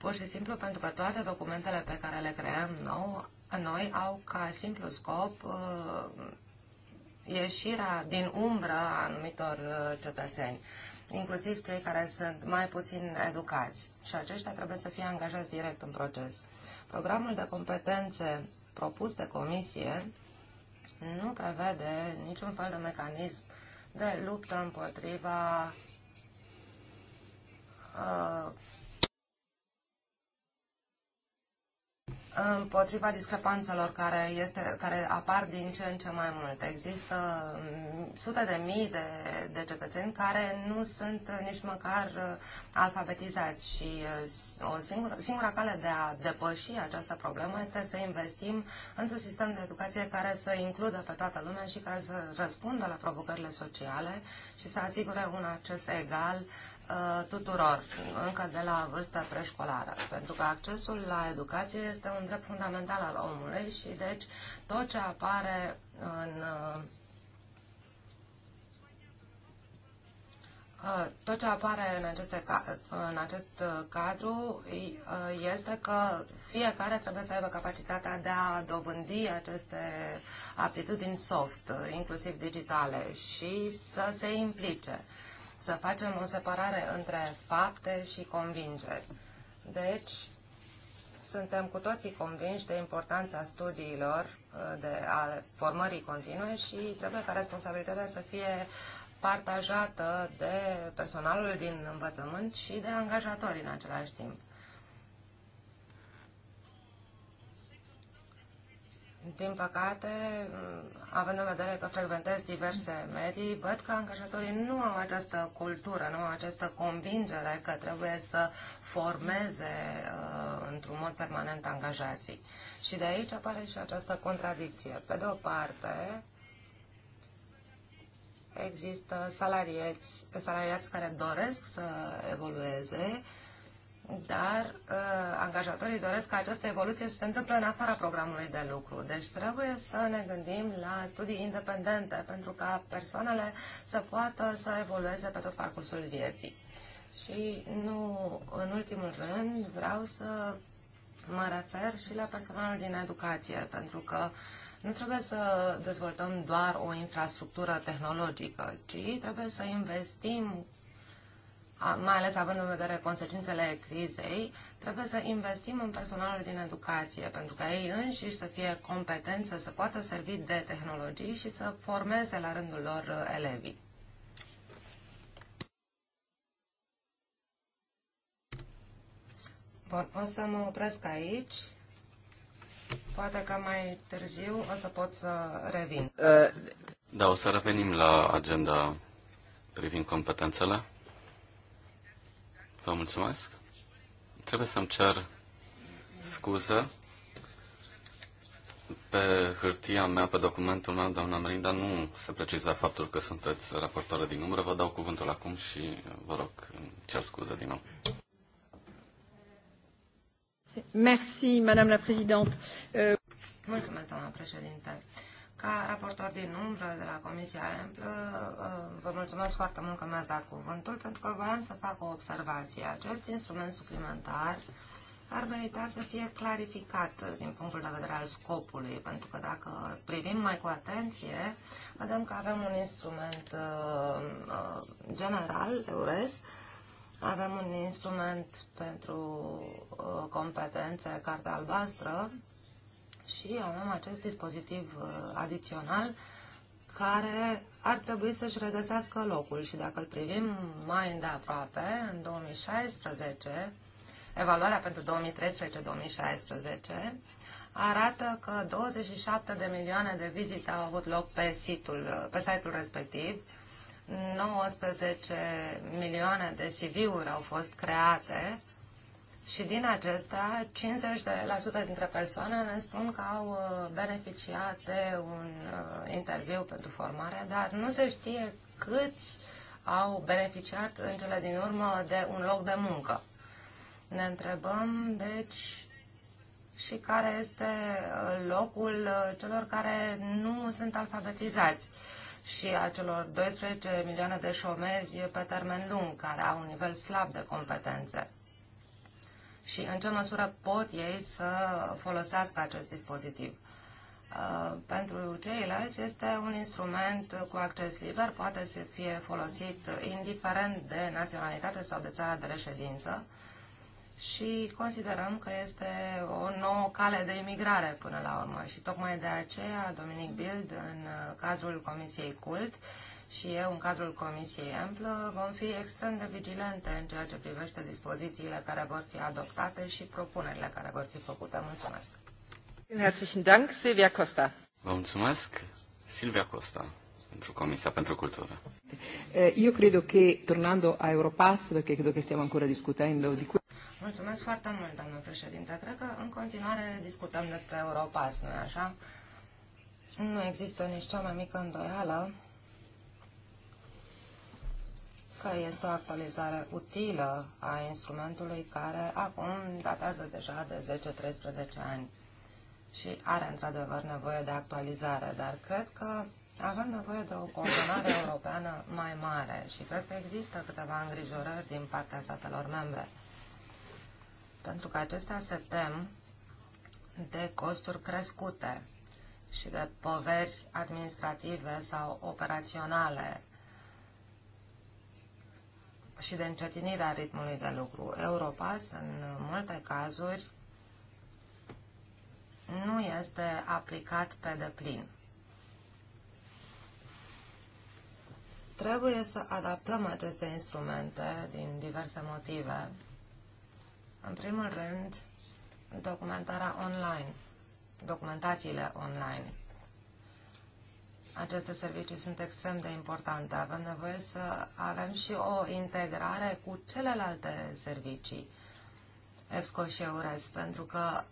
Speaker 2: Pur și simplu pentru că toate documentele pe care le creăm nou, noi au ca simplu scop uh, ieșirea din umbră a anumitor uh, cetățeni inclusiv cei care sunt mai puțin educați și aceștia trebuie să fie angajați direct în proces. Programul de competențe propus de comisie nu prevede niciun fel de mecanism de luptă împotriva uh, împotriva discrepanțelor care, este, care apar din ce în ce mai mult. Există mm, sute de mii de, de cetățeni care nu sunt nici măcar uh, alfabetizați și uh, o singură, singura cale de a depăși această problemă este să investim într-un sistem de educație care să includă pe toată lumea și care să răspundă la provocările sociale și să asigure un acces egal Uh, tuturor, încă de la vârsta preșcolară, pentru că accesul la educație este un drept fundamental al omului și deci tot ce apare în uh, uh, Tot ce apare în, aceste, în acest cadru este că fiecare trebuie să aibă capacitatea de a dobândi aceste aptitudini soft, inclusiv digitale, și să se implice să facem o separare între fapte și convingeri. Deci, suntem cu toții convinși de importanța studiilor, uh, de a formării continue și trebuie ca responsabilitatea să fie partajată de personalul din învățământ și de angajatori în același timp. Din păcate, având în vedere că frecventez diverse medii, văd că angajatorii nu au această cultură, nu au această convingere că trebuie să formeze uh, într-un mod permanent angajații. Și de aici apare și această contradicție. Pe de o parte, există salariați, salariați care doresc să evolueze, dar uh, angajatorii doresc ca această evoluție să se întâmple în afara programului de lucru. Deci trebuie să ne gândim la studii independente pentru ca persoanele să poată să evolueze pe tot parcursul vieții. Și nu în ultimul rând vreau să mă refer și la personalul din educație, pentru că nu trebuie să dezvoltăm doar o infrastructură tehnologică, ci trebuie să investim mai ales având în vedere consecințele crizei, trebuie să investim în personalul din educație, pentru ca ei înșiși să fie competenți, să se poată servi de tehnologii și să formeze la rândul lor uh, elevii. Bun, o să mă opresc aici. Poate că mai târziu o să pot să revin.
Speaker 3: Uh, da, o să revenim la agenda privind competențele. Vă mulțumesc. Trebuie să-mi cer scuză. Pe hârtia mea, pe documentul meu, doamna Merinda, nu se preciza faptul că sunteți raportoare din umbră. Vă dau cuvântul acum și vă rog, cer scuze din nou.
Speaker 2: Merci, Madame la Présidente. Mulțumesc, doamna președinte. Ca raportor din umbră de la Comisia Emplă, uh, uh, vă mulțumesc foarte mult că mi-ați dat cuvântul, pentru că voiam să fac o observație. Acest instrument suplimentar ar merita să fie clarificat din punctul de vedere al scopului, pentru că dacă privim mai cu atenție, vedem că avem un instrument uh, uh general, EURES, avem un instrument pentru uh, competențe, cartea albastră, și avem acest dispozitiv uh, adițional care ar trebui să-și regăsească locul și dacă îl privim mai îndeaproape, în 2016, evaluarea pentru 2013-2016 arată că 27 de milioane de vizite au avut loc pe site-ul, uh, pe site-ul respectiv, 19 milioane de CV-uri au fost create și din acestea, 50% dintre persoane ne spun că au uh, beneficiat de un uh, interviu pentru formare, dar nu se știe câți au beneficiat în cele din urmă de un loc de muncă. Ne întrebăm, deci, și care este uh, locul celor care nu sunt alfabetizați și a celor 12 milioane de șomeri pe termen lung care au un nivel slab de competențe și în ce măsură pot ei să folosească acest dispozitiv. Uh, pentru ceilalți este un instrument cu acces liber, poate să fie folosit indiferent de naționalitate sau de țara de reședință și considerăm că este o nouă cale de imigrare până la urmă și tocmai de aceea Dominic Bild în uh, cadrul Comisiei CULT și eu, în cadrul Comisiei Amplă, vom fi extrem de vigilente în ceea ce privește dispozițiile care vor fi adoptate și propunerile care vor fi făcute. Mulțumesc!
Speaker 1: Herzlichen Dank, Silvia Costa.
Speaker 3: Vă mulțumesc, Silvia Costa, pentru Comisia pentru Cultură.
Speaker 1: Eu eh, cred că, tornando a Europass, că credo că stiamo ancora discutendo di
Speaker 2: Mulțumesc foarte mult, doamnă președinte. Cred că în continuare discutăm despre Europass, nu-i așa? Nu există nici cea mai mică îndoială că este o actualizare utilă a instrumentului care acum datează deja de 10-13 ani și are într-adevăr nevoie de actualizare, dar cred că avem nevoie de o coordonare europeană mai mare și cred că există câteva îngrijorări din partea statelor membre. Pentru că acestea se tem de costuri crescute și de poveri administrative sau operaționale și de încetinirea ritmului de lucru. Europa, în multe cazuri, nu este aplicat pe deplin. Trebuie să adaptăm aceste instrumente din diverse motive. În primul rând, documentarea online, documentațiile online. Aceste servicii sunt extrem de importante. Avem nevoie să avem și o integrare cu celelalte servicii, EFSCO și EURES, pentru că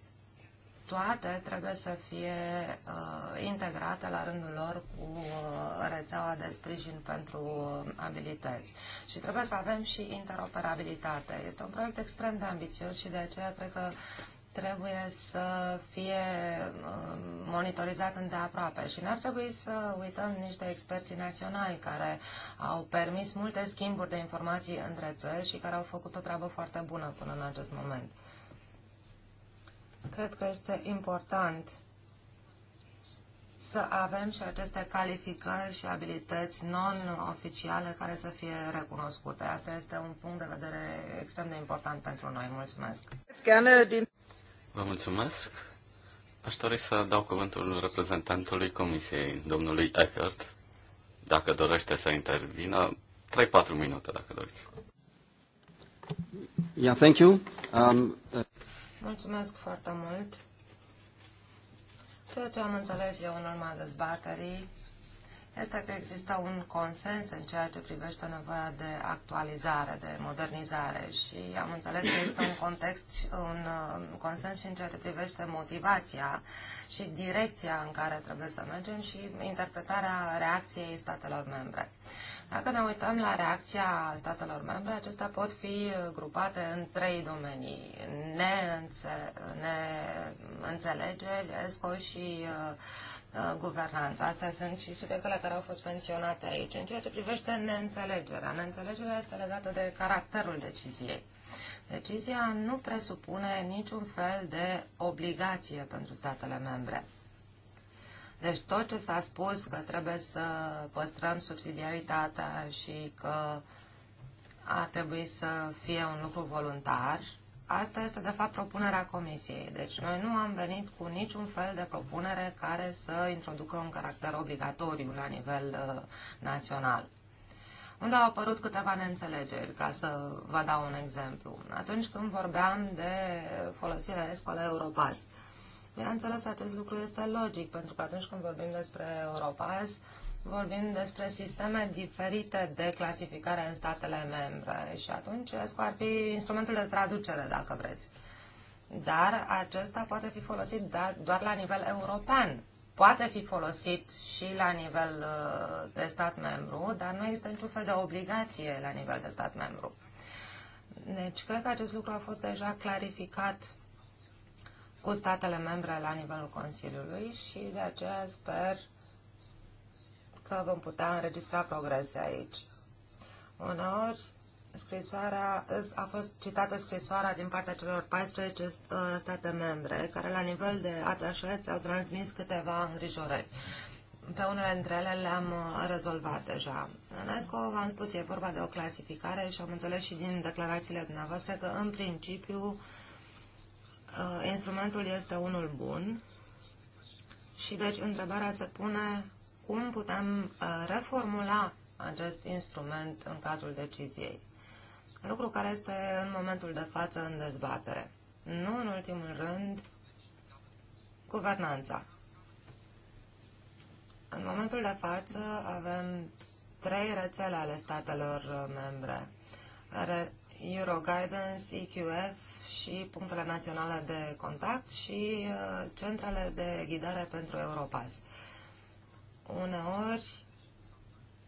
Speaker 2: toate trebuie să fie uh, integrate la rândul lor cu uh, rețeaua de sprijin pentru uh, abilități. Și trebuie să avem și interoperabilitate. Este un proiect extrem de ambițios și de aceea cred că trebuie să fie um, monitorizat îndeaproape și n-ar trebui să uităm nici de experții naționali care au permis multe schimburi de informații între țări și care au făcut o treabă foarte bună până în acest moment. Cred că este important să avem și aceste calificări și abilități non-oficiale care să fie recunoscute. Asta este un punct de vedere extrem de important pentru noi. Mulțumesc!
Speaker 3: Vă mulțumesc. Aș dori să dau cuvântul reprezentantului Comisiei, domnului Eckert, dacă dorește să intervină. 3-4 minute, dacă doriți. Yeah, thank you. Um, uh...
Speaker 2: Mulțumesc foarte mult. Ceea ce am înțeles eu în urma dezbaterii este că există un consens în ceea ce privește nevoia de actualizare, de modernizare și am înțeles că există un context, un uh, consens și în ceea ce privește motivația și direcția în care trebuie să mergem și interpretarea reacției statelor membre. Dacă ne uităm la reacția statelor membre, acestea pot fi grupate în trei domenii. Neînțe- neînțelegeri, ESCO și uh, Uh, guvernanță. Astea sunt și subiectele care au fost menționate aici. În ceea ce privește neînțelegerea, neînțelegerea este legată de caracterul deciziei. Decizia nu presupune niciun fel de obligație pentru statele membre. Deci tot ce s-a spus că trebuie să păstrăm subsidiaritatea și că ar trebui să fie un lucru voluntar, Asta este, de fapt, propunerea Comisiei. Deci noi nu am venit cu niciun fel de propunere care să introducă un caracter obligatoriu la nivel uh, național. Unde au apărut câteva neînțelegeri, ca să vă dau un exemplu. Atunci când vorbeam de folosirea ESCO Europass, bineînțeles acest lucru este logic, pentru că atunci când vorbim despre Europass, vorbim despre sisteme diferite de clasificare în statele membre și atunci ESCO ar fi instrumentul de traducere, dacă vreți. Dar acesta poate fi folosit doar la nivel european. Poate fi folosit și la nivel uh, de stat membru, dar nu există niciun fel de obligație la nivel de stat membru. Deci, cred că acest lucru a fost deja clarificat cu statele membre la nivelul Consiliului și de aceea sper că vom putea înregistra progrese aici. Uneori, scrisoarea, a fost citată scrisoarea din partea celor 14 ă, state membre, care la nivel de atașați au transmis câteva îngrijorări. Pe unele dintre ele le-am ă, rezolvat deja. În ESCO, v-am spus, e vorba de o clasificare și am înțeles și din declarațiile dumneavoastră că, în principiu, ă, instrumentul este unul bun și, deci, întrebarea se pune cum putem uh, reformula acest instrument în cadrul deciziei. Lucru care este în momentul de față în dezbatere. Nu în ultimul rând, guvernanța. În momentul de față avem trei rețele ale statelor uh, membre. Euroguidance, EQF și punctele naționale de contact și uh, centrele de ghidare pentru Europass uneori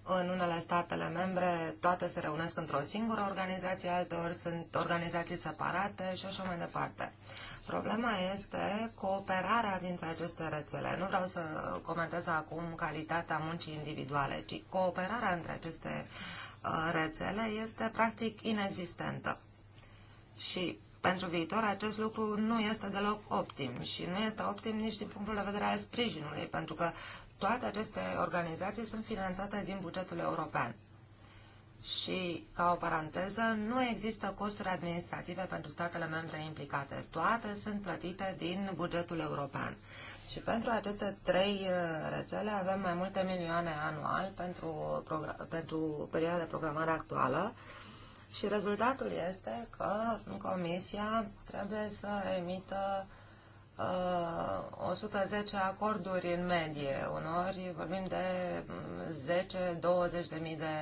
Speaker 2: în unele statele membre toate se reunesc într-o singură organizație, alteori sunt organizații separate și așa mai departe. Problema este cooperarea dintre aceste rețele. Nu vreau să comentez acum calitatea muncii individuale, ci cooperarea între aceste uh, rețele este practic inexistentă. Și pentru viitor acest lucru nu este deloc optim și nu este optim nici din punctul de vedere al sprijinului, pentru că toate aceste organizații sunt finanțate din bugetul european. Și, ca o paranteză, nu există costuri administrative pentru statele membre implicate. Toate sunt plătite din bugetul european. Și pentru aceste trei uh, rețele avem mai multe milioane anual pentru, pentru perioada de programare actuală. Și rezultatul este că Comisia trebuie să emită 110 uh, acorduri în medie, uneori vorbim de 10-20 mm, de mii de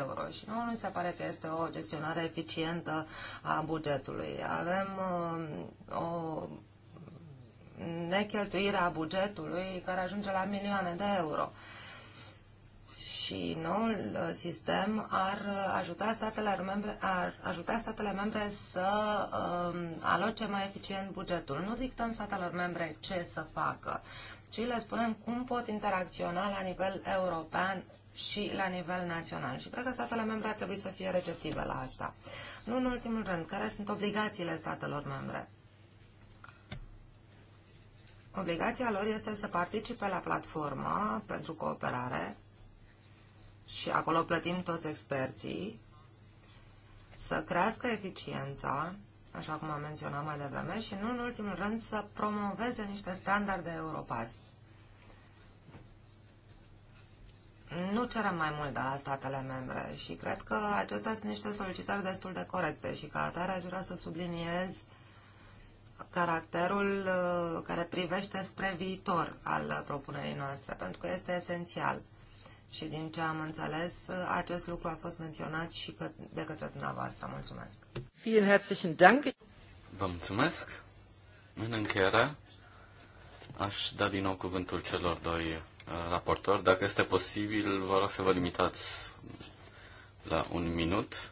Speaker 2: euro și nu nu se pare că este o gestionare eficientă a bugetului. Avem uh, o necheltuire a bugetului care ajunge la milioane de euro și noul uh, sistem ar uh, ajuta statele membre, ar ajuta statele membre să um, aloce mai eficient bugetul. Nu dictăm statelor membre ce să facă, ci le spunem cum pot interacționa la nivel european și la nivel național. Și cred că statele membre ar trebui să fie receptive la asta. Nu în ultimul rând, care sunt obligațiile statelor membre? Obligația lor este să participe la platforma pentru cooperare și acolo plătim toți experții, să crească eficiența, așa cum am menționat mai devreme, și nu în ultimul rând să promoveze niște standarde Europass. Nu cerem mai mult de la statele membre și cred că acestea sunt niște solicitări destul de corecte și ca atare aș vrea să subliniez caracterul uh, care privește spre viitor al propunerii noastre, pentru că este esențial. Și din ce am înțeles, acest lucru a fost menționat și că, de către dumneavoastră. Mulțumesc!
Speaker 3: Vielen herzlichen Dank! Vă mulțumesc! În încheiere, aș da din nou cuvântul celor doi uh, raportori. Dacă este posibil, vă rog să vă limitați la un minut.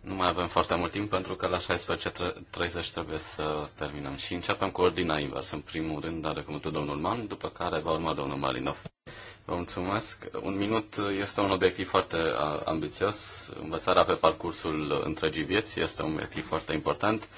Speaker 3: Nu mai avem foarte mult timp pentru că la 16.30 trebuie să terminăm. Și începem cu ordinea invers. În primul rând are cuvântul domnul Man, după care va urma domnul Marinov. Vă mulțumesc. Un minut este un obiectiv foarte ambițios. Învățarea pe parcursul întregii vieți este un obiectiv foarte important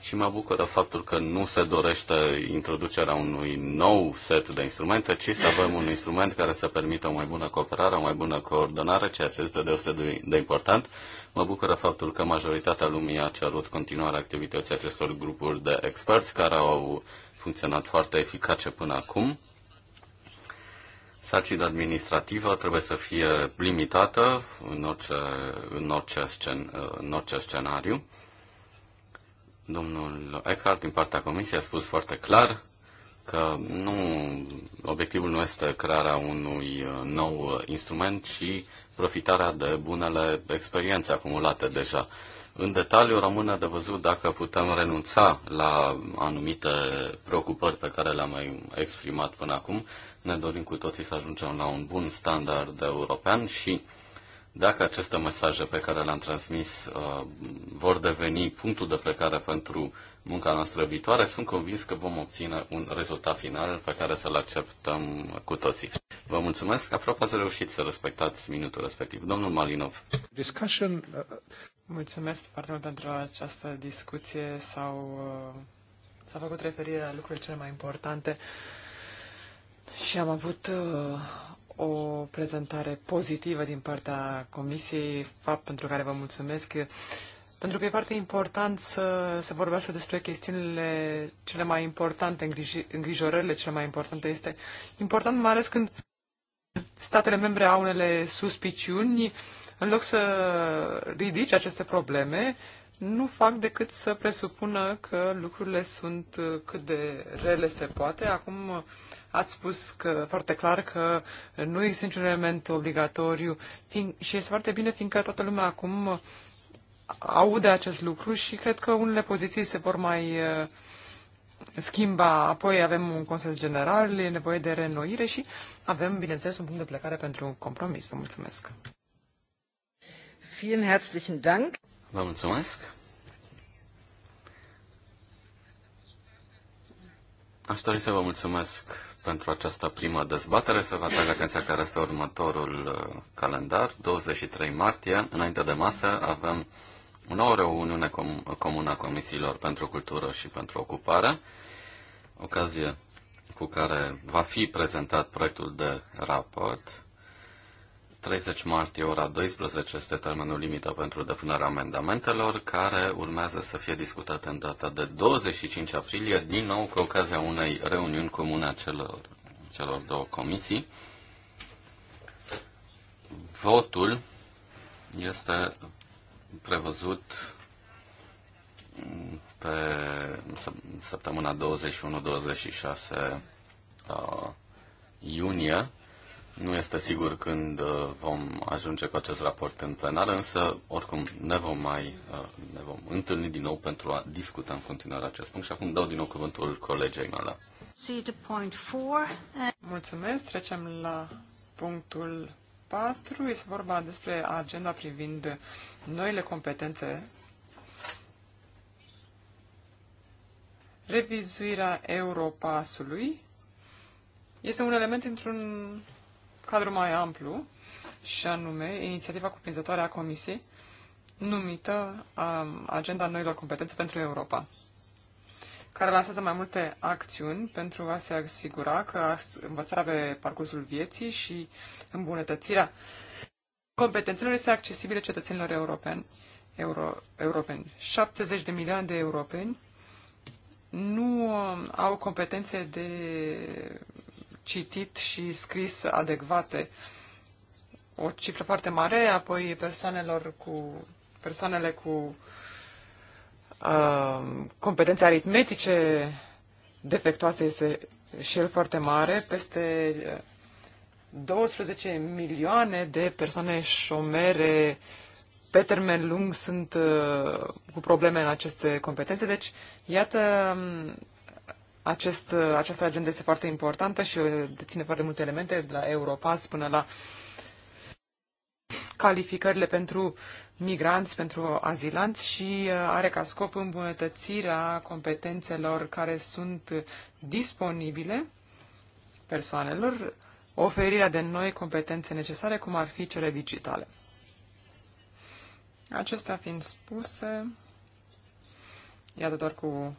Speaker 3: și mă bucură faptul că nu se dorește introducerea unui nou set de instrumente, ci să avem un instrument care să permită o mai bună cooperare, o mai bună coordonare, ceea ce este deosebit de important. Mă bucură faptul că majoritatea lumii a cerut continuarea activității acestor grupuri de experți care au funcționat foarte eficace până acum sarcina administrativă trebuie să fie limitată în orice, în orice, scen, în orice scenariu. Domnul Eckhart, din partea Comisiei, a spus foarte clar că nu, obiectivul nu este crearea unui nou instrument, ci profitarea de bunele experiențe acumulate deja. În detaliu rămâne de văzut dacă putem renunța la anumite preocupări pe care le-am mai exprimat până acum. Ne dorim cu toții să ajungem la un bun standard european și dacă aceste mesaje pe care le-am transmis uh, vor deveni punctul de plecare pentru munca noastră viitoare, sunt convins că vom obține un rezultat final pe care să-l acceptăm cu toții. Vă mulțumesc. Apropo, ați reușit să respectați minutul respectiv. Domnul Malinov.
Speaker 1: Discussion, uh, Mulțumesc foarte mult pentru această discuție. S-au, uh, s-a făcut referire la lucrurile cele mai importante și am avut uh, o prezentare pozitivă din partea Comisiei, fapt pentru care vă mulțumesc, pentru că e foarte important să se vorbească despre chestiunile cele mai importante, îngrijorările cele mai importante. Este important mai ales când statele membre au unele suspiciuni în loc să ridice aceste probleme, nu fac decât să presupună că lucrurile sunt cât de rele se poate. Acum ați spus că, foarte clar că nu există niciun element obligatoriu fiind, și este foarte bine fiindcă toată lumea acum aude acest lucru și cred că unele poziții se vor mai uh, schimba. Apoi avem un consens general, e nevoie de reînnoire și avem, bineînțeles, un punct de plecare pentru un compromis. Vă mulțumesc! Vielen herzlichen Dank.
Speaker 3: Vă mulțumesc. Aș dori să vă mulțumesc pentru această primă dezbatere. Să vă atrag atenția care este următorul uh, calendar. 23 martie, înainte de masă, avem o nouă reuniune com- comună a Comisiilor pentru Cultură și pentru Ocupare, ocazie cu care va fi prezentat proiectul de raport 30 martie, ora 12, este termenul limită pentru depunerea amendamentelor, care urmează să fie discutate în data de 25 aprilie, din nou cu ocazia unei reuniuni comune a celor, celor două comisii. Votul este prevăzut pe săptămâna 21-26 uh, iunie nu este sigur când uh, vom ajunge cu acest raport în plenară, însă oricum ne vom mai uh, ne vom întâlni din nou pentru a discuta în continuare acest punct și acum dau din nou cuvântul colegei mele.
Speaker 1: Mulțumesc, trecem la punctul 4. Este vorba despre agenda privind noile competențe revizuirea Europasului este un element într-un cadru mai amplu, și anume inițiativa cuprinzătoare a Comisiei, numită um, Agenda Noilor Competențe pentru Europa, care lansează mai multe acțiuni pentru a se asigura că învățarea pe parcursul vieții și îmbunătățirea competențelor este accesibile cetățenilor europeni. Euro, europeni. 70 de milioane de europeni nu um, au competențe de citit și scris adecvate. O cifră foarte mare, apoi persoanelor cu, persoanele cu uh, competențe aritmetice defectoase este și el foarte mare, peste 12 uh, milioane de persoane șomere pe termen lung sunt uh, cu probleme în aceste competențe. Deci, iată, um, acest, această agenda este foarte importantă și deține foarte multe elemente, de la Europass până la calificările pentru migranți, pentru azilanți și uh, are ca scop îmbunătățirea competențelor care sunt disponibile persoanelor, oferirea de noi competențe necesare, cum ar fi cele digitale. Acestea fiind spuse, iată doar cu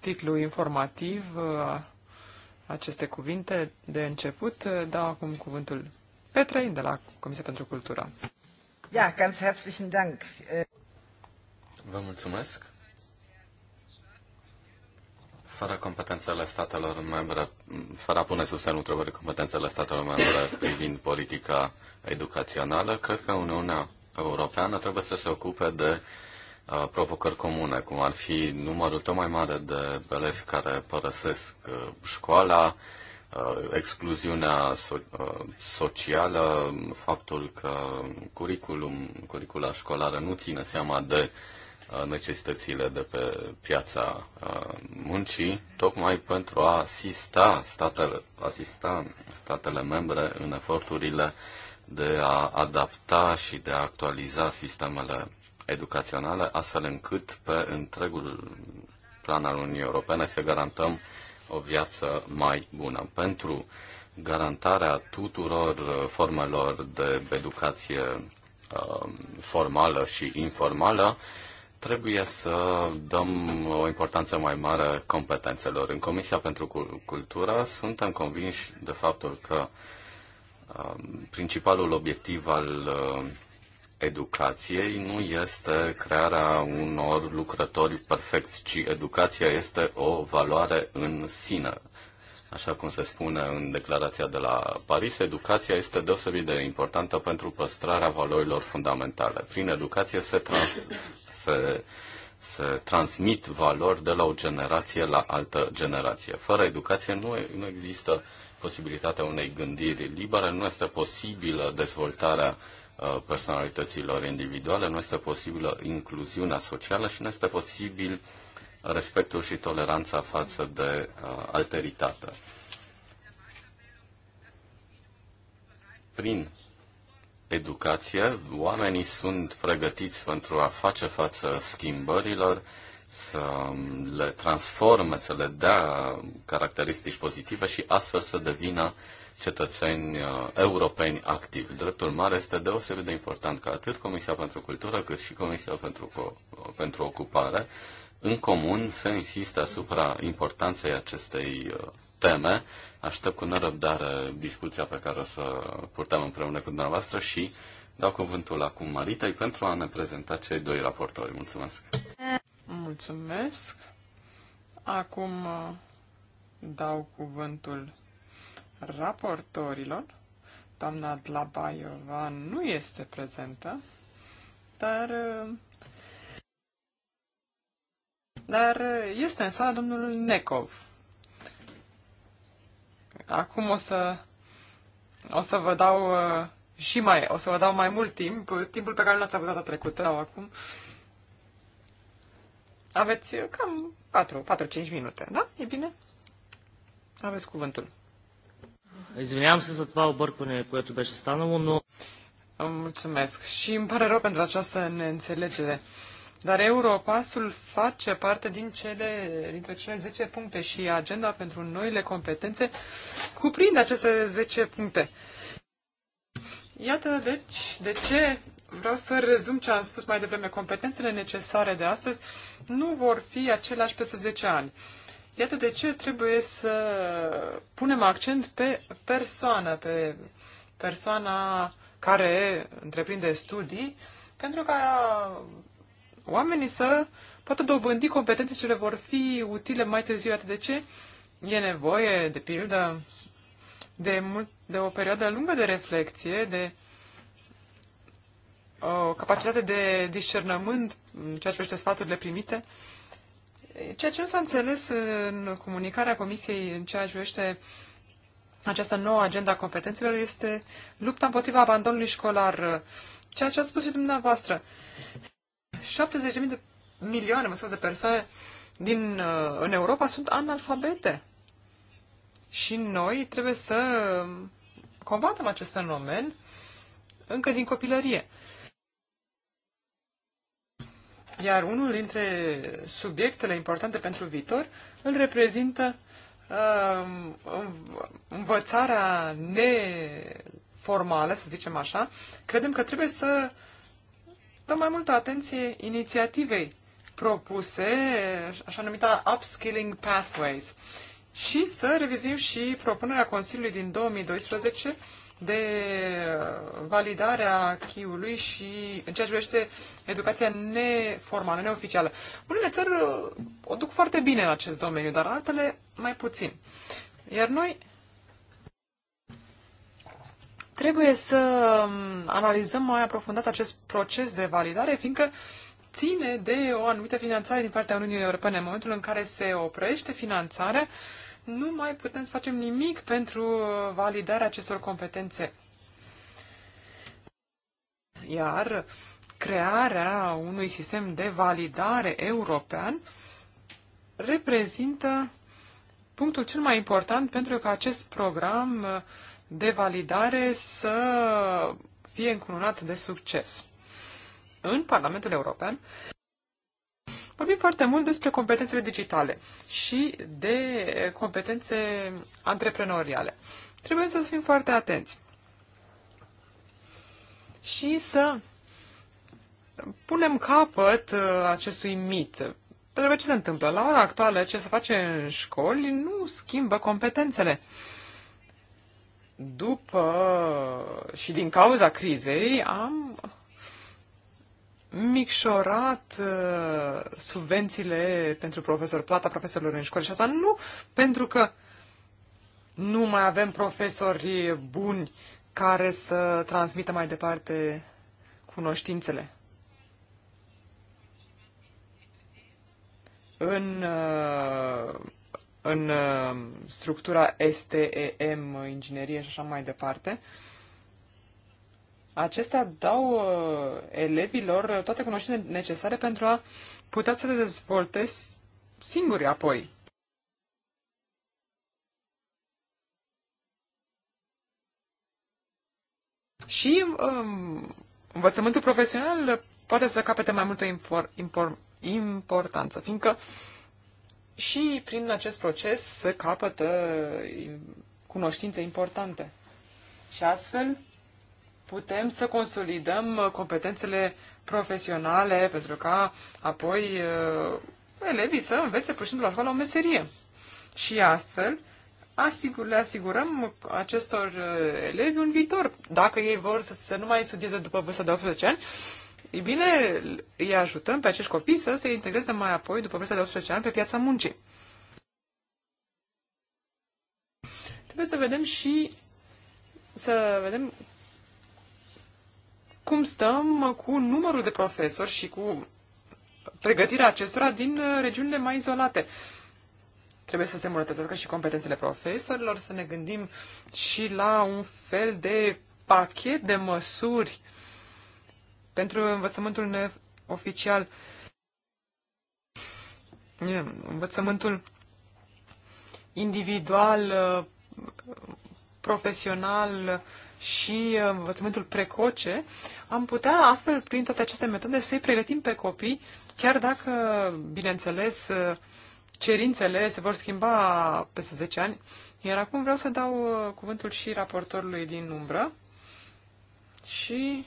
Speaker 1: titlu informativ uh, aceste cuvinte de început. Uh, dau acum cuvântul Petrei de la Comisia pentru Cultura. Ja, ganz herzlichen Dank.
Speaker 3: Vă mulțumesc. Fără competențele statelor membre, fără a pune sub semnul întrebării competențele statelor membre privind politica educațională, cred că Uniunea Europeană trebuie să se ocupe de uh, Uh, provocări comune, cum ar fi numărul tot mai mare de elevi care părăsesc uh, școala, uh, excluziunea socială, faptul că curriculum, curicula școlară nu ține seama de necesitățile de pe piața muncii, tocmai pentru a asista statele, asista statele membre în eforturile de a adapta și de a actualiza sistemele educaționale, astfel încât pe întregul plan al Uniunii Europene să garantăm o viață mai bună. Pentru garantarea tuturor formelor de educație um, formală și informală, trebuie să dăm o importanță mai mare competențelor. În Comisia pentru Cultură suntem convinși de faptul că um, principalul obiectiv al uh, educației nu este crearea unor lucrători perfecți, ci educația este o valoare în sine. Așa cum se spune în declarația de la Paris, educația este deosebit de importantă pentru păstrarea valorilor fundamentale. Prin educație se, trans, se, se transmit valori de la o generație la altă generație. Fără educație nu, nu există posibilitatea unei gândiri libere, nu este posibilă dezvoltarea uh, Uh, personalităților individuale, nu este posibilă incluziunea socială și nu este posibil respectul și toleranța față de uh, alteritate. Prin educație, oamenii sunt pregătiți pentru a face față schimbărilor, să le transforme, să le dea caracteristici pozitive și astfel să devină cetățeni uh, europeni activi. Dreptul mare este deosebit de important ca atât Comisia pentru Cultură cât și Comisia pentru, uh, pentru Ocupare în comun să insiste asupra importanței acestei uh, teme. Aștept cu nerăbdare discuția pe care o să purtăm împreună cu dumneavoastră și dau cuvântul acum Maritei pentru a ne prezenta cei doi raportori. Mulțumesc!
Speaker 1: Mulțumesc! Acum dau cuvântul raportorilor. Doamna Dlabaiova nu este prezentă, dar, dar este în sala domnului Nekov. Acum o să, o să vă dau și mai, o să vă dau mai mult timp, timpul pe care nu l-ați avut data trecută, sau acum. Aveți cam 4-5 minute, da? E bine? Aveți cuvântul. Извинявам се за това объркване, което беше станало, но... Mulțumesc și îmi pare rău pentru această neînțelegere. Dar Europasul face parte din cele, dintre cele 10 puncte și agenda pentru noile competențe cuprinde aceste 10 puncte. Iată, deci, de ce vreau să rezum ce am spus mai devreme. Competențele necesare de astăzi nu vor fi aceleași peste 10 ani. Iată de ce trebuie să punem accent pe persoană, pe persoana care întreprinde studii, pentru ca oamenii să poată dobândi competențe ce le vor fi utile mai târziu. Iată de ce e nevoie, de pildă, de, mult, de o perioadă lungă de reflexie, de o capacitate de discernământ în ceea ce privește sfaturile primite, Ceea ce nu s-a înțeles în comunicarea Comisiei în ceea ce privește această nouă agenda competențelor este lupta împotriva abandonului școlar, ceea ce ați spus și dumneavoastră. 70.000 de milioane, mă scuze, de persoane din, uh, în Europa sunt analfabete. Și noi trebuie să combatem acest fenomen încă din copilărie. Iar unul dintre subiectele importante pentru viitor îl reprezintă uh, învățarea neformală, să zicem așa. Credem că trebuie să dăm mai multă atenție inițiativei propuse, așa numita Upskilling Pathways, și să revizuim și propunerea Consiliului din 2012 de validarea chiului și în ceea ce privește educația neformală, neoficială. Unele țări uh, o duc foarte bine în acest domeniu, dar altele mai puțin. Iar noi trebuie să um, analizăm mai aprofundat acest proces de validare, fiindcă ține de o anumită finanțare din partea Uniunii Europene. În momentul în care se oprește finanțarea, nu mai putem să facem nimic pentru validarea acestor competențe. Iar crearea unui sistem de validare european reprezintă punctul cel mai important pentru că acest program de validare să fie încununat de succes. În Parlamentul European Vorbim foarte mult despre competențele digitale și de competențe antreprenoriale. Trebuie să fim foarte atenți și să punem capăt uh, acestui mit. Pentru că ce se întâmplă? La ora actuală, ce se face în școli nu schimbă competențele. După și din cauza crizei am micșorat uh, subvențiile pentru profesori, plata profesorilor în școli și asta nu pentru că nu mai avem profesori buni care să transmită mai departe cunoștințele. În, uh, în uh, structura STEM, inginerie și așa mai departe, uh, Acestea dau uh, elevilor uh, toate cunoștințele necesare pentru a putea să le dezvolte singuri apoi. Și um, învățământul profesional poate să capete mai multă impor, impor, importanță, fiindcă și prin acest proces se capătă uh, cunoștințe importante. Și astfel putem să consolidăm uh, competențele profesionale pentru ca apoi uh, elevii să învețe pur și simplu acolo o meserie. Și astfel asigur, le asigurăm acestor uh, elevi un viitor. Dacă ei vor să, să nu mai studieze după vârsta de 18 ani, e bine, îi ajutăm pe acești copii să se integreze mai apoi, după vârsta de 18 ani, pe piața muncii. Trebuie să vedem și să vedem cum stăm cu numărul de profesori și cu pregătirea acestora din uh, regiunile mai izolate. Trebuie să se îmbunătățească și competențele profesorilor, să ne gândim și la un fel de pachet de măsuri pentru învățământul oficial. Învățământul individual, uh, profesional, și învățământul precoce, am putea astfel, prin toate aceste metode, să-i pregătim pe copii, chiar dacă, bineînțeles, cerințele se vor schimba peste 10 ani. Iar acum vreau să dau uh, cuvântul și raportorului din umbră și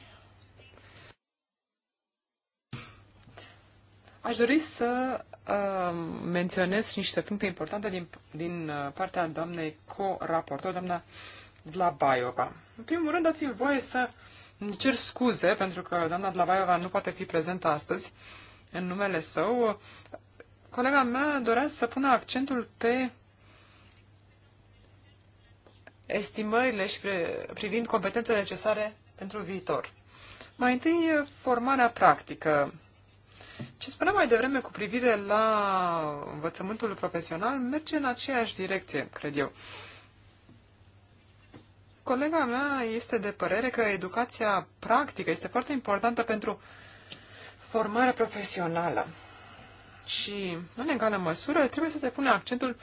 Speaker 1: Aș dori să uh, menționez niște puncte importante din, din uh, partea doamnei co-raportor, doamna la Baiova. În primul rând, dați-mi voie să îmi cer scuze, pentru că doamna Dlabaiova nu poate fi prezentă astăzi în numele său. Colega mea dorea să pună accentul pe estimările și privind competențele necesare pentru viitor. Mai întâi, formarea practică. Ce spuneam mai devreme cu privire la învățământul profesional merge în aceeași direcție, cred eu. Colega mea este de părere că educația practică este foarte importantă pentru formarea profesională. Și, în egală măsură, trebuie să se pune accentul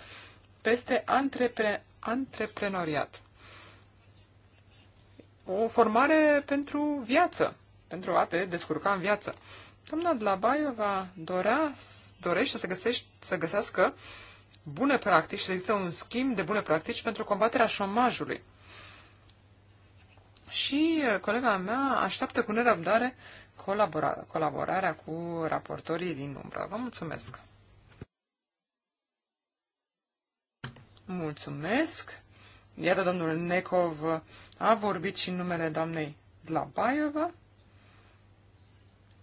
Speaker 1: peste antrepre- antreprenoriat. O formare pentru viață, pentru a te descurca în viață. Doamna Dlabaiova dorea, dorește să, găsești, să găsească bune practici, să există un schimb de bune practici pentru combaterea șomajului. Și uh, colega mea așteaptă cu nerăbdare colabora- colaborarea cu raportorii din umbră. Vă mulțumesc! Mulțumesc! Iată, domnul Necov a vorbit și în numele doamnei Dlabaiova.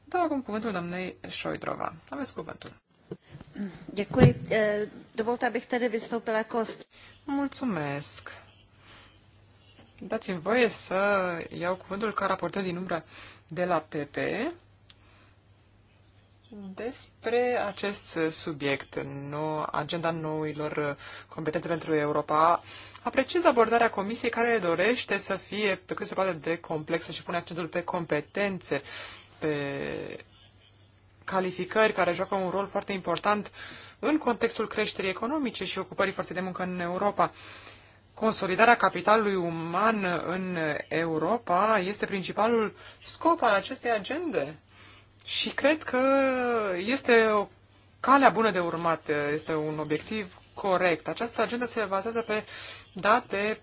Speaker 1: Dau acum cuvântul doamnei Șoidrova. Aveți cuvântul. Eh, mulțumesc! Mulțumesc. Dați-mi voie să iau cuvântul ca raportor din umbra de la PP despre acest subiect, nou, agenda noilor competențe pentru Europa. Apreciez abordarea comisiei care dorește să fie pe cât se poate de complexă și pune accentul pe competențe, pe calificări care joacă un rol foarte important în contextul creșterii economice și ocupării forței de muncă în Europa. Consolidarea capitalului uman în Europa este principalul scop al acestei agende și cred că este o calea bună de urmat, este un obiectiv corect. Această agenda se bazează pe date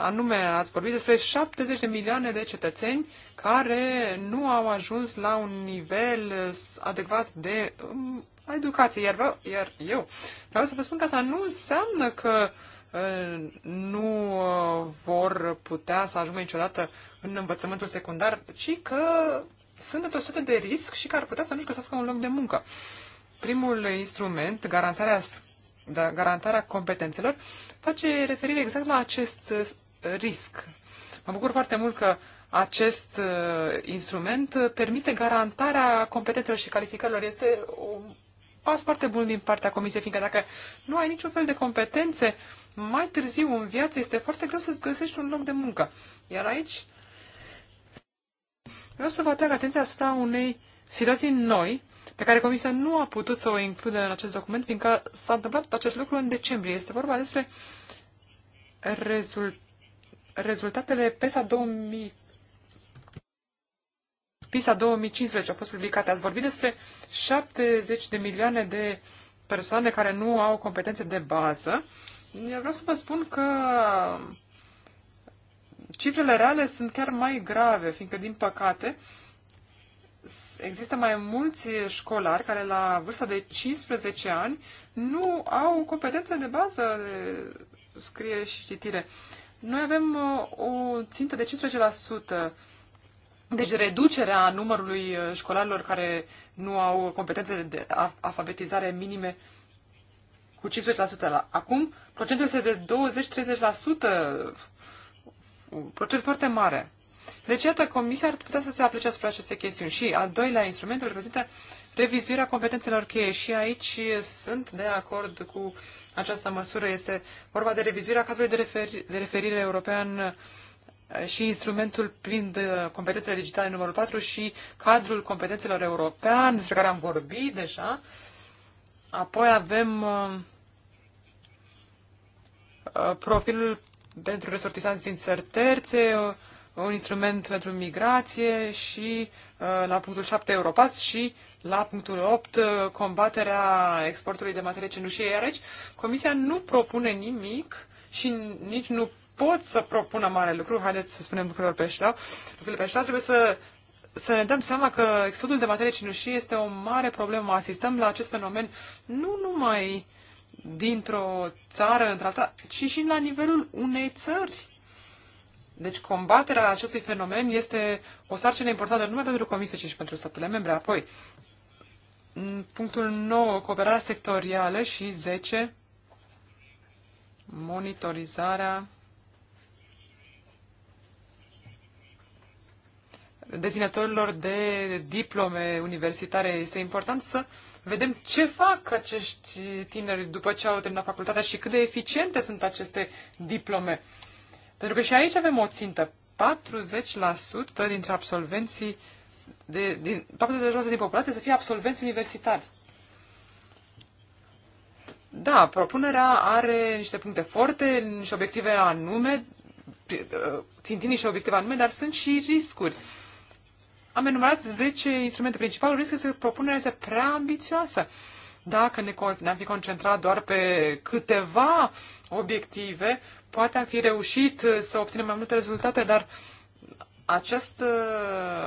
Speaker 1: anume, ați vorbit despre 70 de milioane de cetățeni care nu au ajuns la un nivel adecvat de um, educație. Iar, vă, iar eu vreau să vă spun că asta nu înseamnă că uh, nu uh, vor putea să ajungă niciodată în învățământul secundar, ci că sunt într-o sută de risc și că ar putea să nu-și găsească un loc de muncă. Primul instrument, garantarea, da, garantarea competențelor, face referire exact la acest uh, risc. Mă bucur foarte mult că acest uh, instrument permite garantarea competențelor și calificărilor. Este un pas foarte bun din partea Comisiei, fiindcă dacă nu ai niciun fel de competențe, uh, mai târziu în viață este foarte greu să-ți găsești un loc de muncă. Iar aici vreau să vă atrag atenția asupra unei situații noi pe care Comisia nu a putut să o include în acest document, fiindcă s-a întâmplat acest lucru în decembrie. Este vorba despre rezult rezultatele PESA 2000 PISA 2015 a fost publicate. Ați vorbit despre 70 de milioane de persoane care nu au competențe de bază eu vreau să vă spun că cifrele reale sunt chiar mai grave, fiindcă, din păcate, există mai mulți școlari care la vârsta de 15 ani nu au competențe de bază de scriere și citire. Noi avem uh, o țintă de 15%, deci reducerea numărului uh, școlarilor care nu au competențe de alfabetizare minime cu 15% la acum, procentul este de 20-30%, un procent foarte mare. Deci, iată, Comisia ar putea să se aplice asupra acestei chestiuni. Și al doilea instrument reprezintă revizuirea competențelor cheie. Și aici sunt de acord cu această măsură. Este vorba de revizuirea cadrului de, referi- de referire european eh, și instrumentul prin eh, competențele digitale numărul 4 și cadrul competențelor european, despre care am vorbit deja. Apoi avem eh, Uh, profilul pentru resortisanți din țări terțe, uh, un instrument pentru migrație și uh, la punctul 7 Europas și la punctul 8 combaterea exportului de materie cenușie. Iar aici Comisia nu propune nimic și nici nu pot să propună mare lucru. Haideți să spunem lucrurile pe șlau. Lucrurile pe șlau trebuie să să ne dăm seama că exodul de materie cinușie este o mare problemă. Asistăm la acest fenomen nu numai uh, dintr-o țară într-alta, ci și la nivelul unei țări. Deci combaterea acestui fenomen este o sarcină importantă nu numai pentru Comisie, ci și pentru statele membre. Apoi, punctul 9, cooperarea sectorială și 10, monitorizarea deținătorilor de diplome universitare. Este important să uh, vedem ce fac acești tineri după ce au terminat facultatea și cât de eficiente sunt aceste diplome. Pentru că și aici avem o țintă. 40% dintre absolvenții, de, din, 40% din populație să fie absolvenți universitari. Da, propunerea are niște puncte forte, niște obiective anume, țintind niște obiective anume, dar sunt și riscuri am enumerat 10 instrumente principale, riscă să propunerea este prea ambițioasă. Dacă ne, ne-am fi concentrat doar pe câteva obiective, poate am fi reușit uh, să obținem mai multe rezultate, dar această,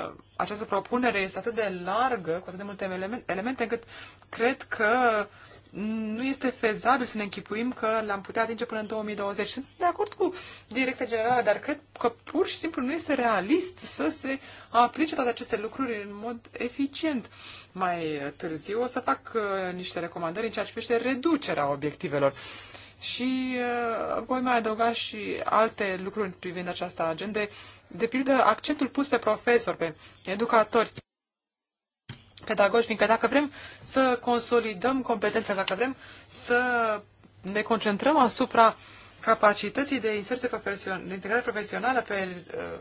Speaker 1: uh, această propunere este atât de largă, cu atât de multe elemente, încât cred că uh, nu este fezabil să ne închipuim că l-am putea atinge până în 2020. Sunt de acord cu direcția generală, dar cred că pur și simplu nu este realist să se aplice toate aceste lucruri în mod eficient. Mai târziu o să fac uh, niște recomandări în ceea ce privește reducerea obiectivelor. Și uh, voi mai adăuga și alte lucruri privind această agendă, de pildă accentul pus pe profesori, pe educatori pedagogi, fiindcă dacă vrem să consolidăm competențele, dacă vrem să ne concentrăm asupra capacității de inserție profesion- de integrare profesională, pe uh,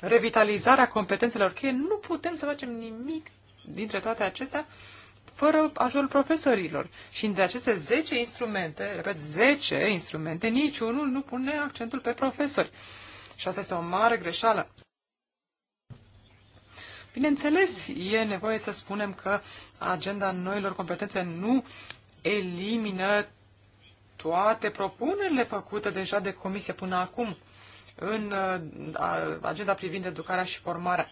Speaker 1: revitalizarea competențelor cheie, nu putem să facem nimic dintre toate acestea fără ajutorul profesorilor. Și dintre aceste 10 instrumente, repet, 10 instrumente, niciunul nu pune accentul pe profesori. Și asta este o mare greșeală. Bineînțeles, e nevoie să spunem că agenda noilor competențe nu elimină toate propunerile făcute deja de comisie până acum în uh, agenda privind educarea și formarea.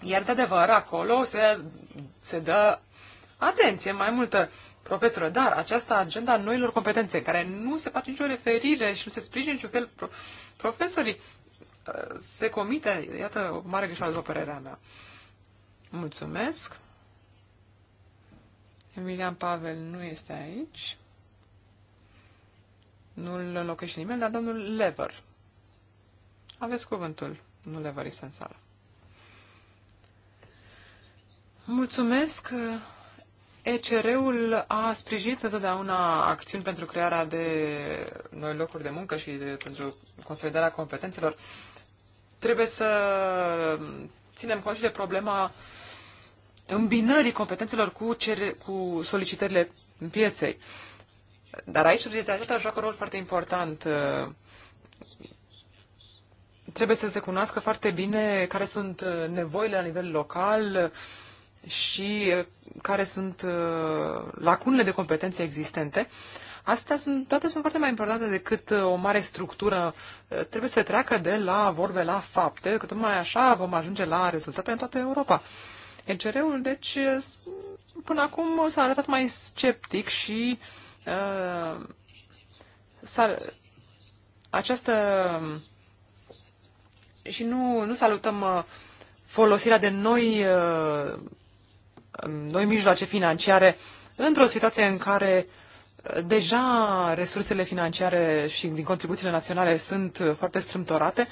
Speaker 1: Iar de adevăr, acolo se, se dă atenție mai multă profesoră, dar această agenda noilor competențe, în care nu se face nicio referire și nu se sprijină niciun fel pro- profesorii, se comite, iată, o mare greșeală după părerea mea. Mulțumesc. Emilian Pavel nu este aici. Nu-l înlocuiește nimeni, dar domnul Lever. Aveți cuvântul. Nu Lever este în sală. Mulțumesc. ECR-ul a sprijinit întotdeauna acțiuni pentru crearea de noi locuri de muncă și de, pentru consolidarea competențelor. Trebuie să ținem cont și de problema îmbinării competențelor cu, cere, cu solicitările pieței. Dar aici subsidiaritatea joacă un rol foarte important. Trebuie să se cunoască foarte bine care sunt nevoile la nivel local, și uh, care sunt uh, lacunele de competențe existente, Astea sunt, toate sunt foarte mai importante decât uh, o mare structură. Trebuie să treacă de la vorbe la fapte, că tocmai așa vom ajunge la rezultate în toată Europa. ECR-ul, deci, până acum s-a arătat mai sceptic și uh, s-a, această și nu, nu salutăm folosirea de noi uh, noi mijloace financiare într-o situație în care uh, deja resursele financiare și din contribuțiile naționale sunt uh, foarte strâmtorate,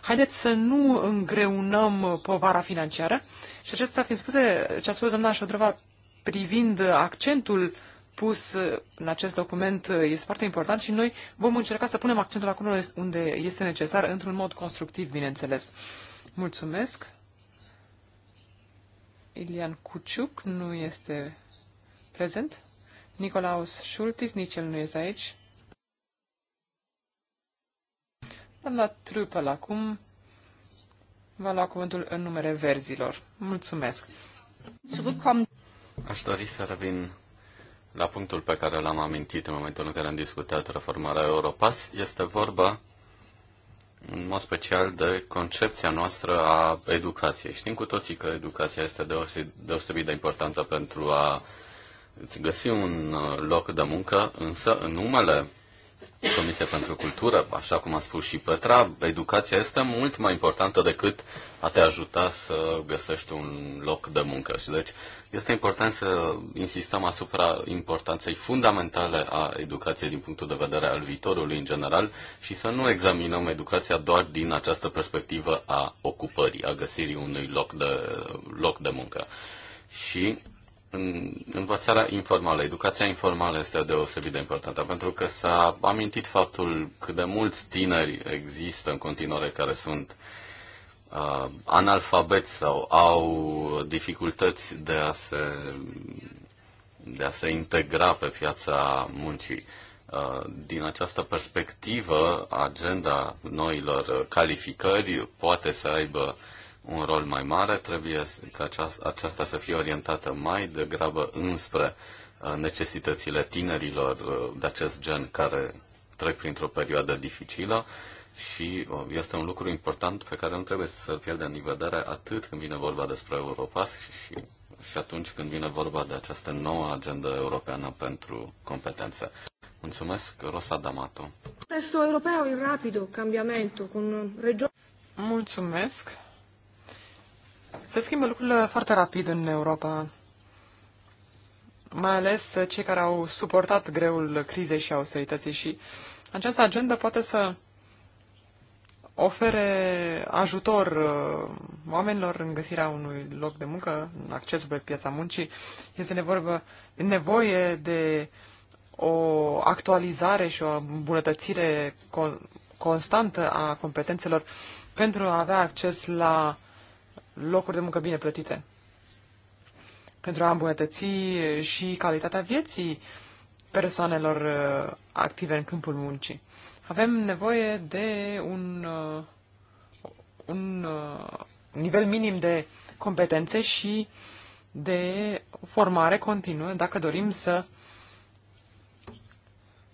Speaker 1: haideți să nu îngreunăm povara financiară. Și acesta fiind spuse, ce a spus doamna Șodrova privind accentul pus uh, în acest document este foarte important și noi vom încerca să punem accentul acolo unde este necesar, într-un mod constructiv, bineînțeles. Mulțumesc. Ilian Cuciuc nu este prezent. Nicolaus Schultis, nici el nu este aici. Doamna Trupel acum va lua cuvântul în numere verzilor. Mulțumesc!
Speaker 3: Aș dori să revin la punctul pe care l-am amintit în momentul în care am discutat reformarea Europas. Este vorba în mod special de concepția noastră a educației. Știm cu toții că educația este deosebit de importantă pentru a îți găsi un loc de muncă, însă în numele Comisia pentru Cultură, așa cum a spus și Petra, educația este mult mai importantă decât a te ajuta să găsești un loc de muncă. Și deci este important să insistăm asupra importanței fundamentale a educației din punctul de vedere al viitorului în general și să nu examinăm educația doar din această perspectivă a ocupării, a găsirii unui loc de, loc de muncă. Și în învățarea informală, educația informală este deosebit de importantă, pentru că s-a amintit faptul cât de mulți tineri există în continuare care sunt uh, analfabeti sau au dificultăți de a se, de a se integra pe piața muncii. Uh, din această perspectivă, agenda noilor calificări poate să aibă uh, un rol mai mare, trebuie ca aceasta să fie orientată mai degrabă înspre uh, necesitățile tinerilor uh, de acest gen care trec printr-o perioadă dificilă și uh, este un lucru important pe care nu trebuie să-l pierdem din vedere atât când vine vorba despre Europa și, și atunci când vine vorba de această nouă agendă europeană pentru competențe. Mulțumesc, Rosa D'Amato.
Speaker 2: Testul european e rapido,
Speaker 1: cambiamento, cu regiuni... Mulțumesc. Se schimbă lucrurile foarte rapid în Europa, mai ales cei care au suportat greul crizei și austerității și această agendă poate să ofere ajutor uh, oamenilor în găsirea unui loc de muncă, în accesul pe piața muncii. Este nevoie de o actualizare și o îmbunătățire constantă a competențelor pentru a avea acces la uh, locuri de muncă bine plătite, pentru a îmbunătăți și calitatea vieții persoanelor uh, active în câmpul muncii. Avem nevoie de un, uh, un uh, nivel minim de competențe și de formare continuă dacă dorim să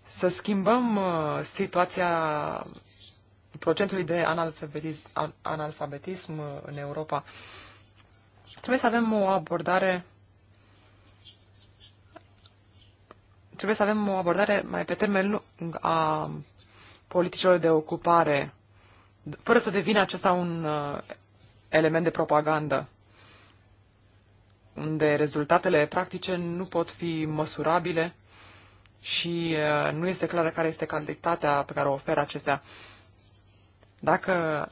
Speaker 1: să schimbăm situația procentului de analfabetism, analfabetism în Europa. Trebuie să avem o abordare trebuie să avem o abordare mai pe termen lung a politicilor de ocupare, fără să devină acesta un uh, element de propagandă, unde rezultatele practice nu pot fi măsurabile și uh, nu este clară care este calitatea pe care o oferă acestea. Dacă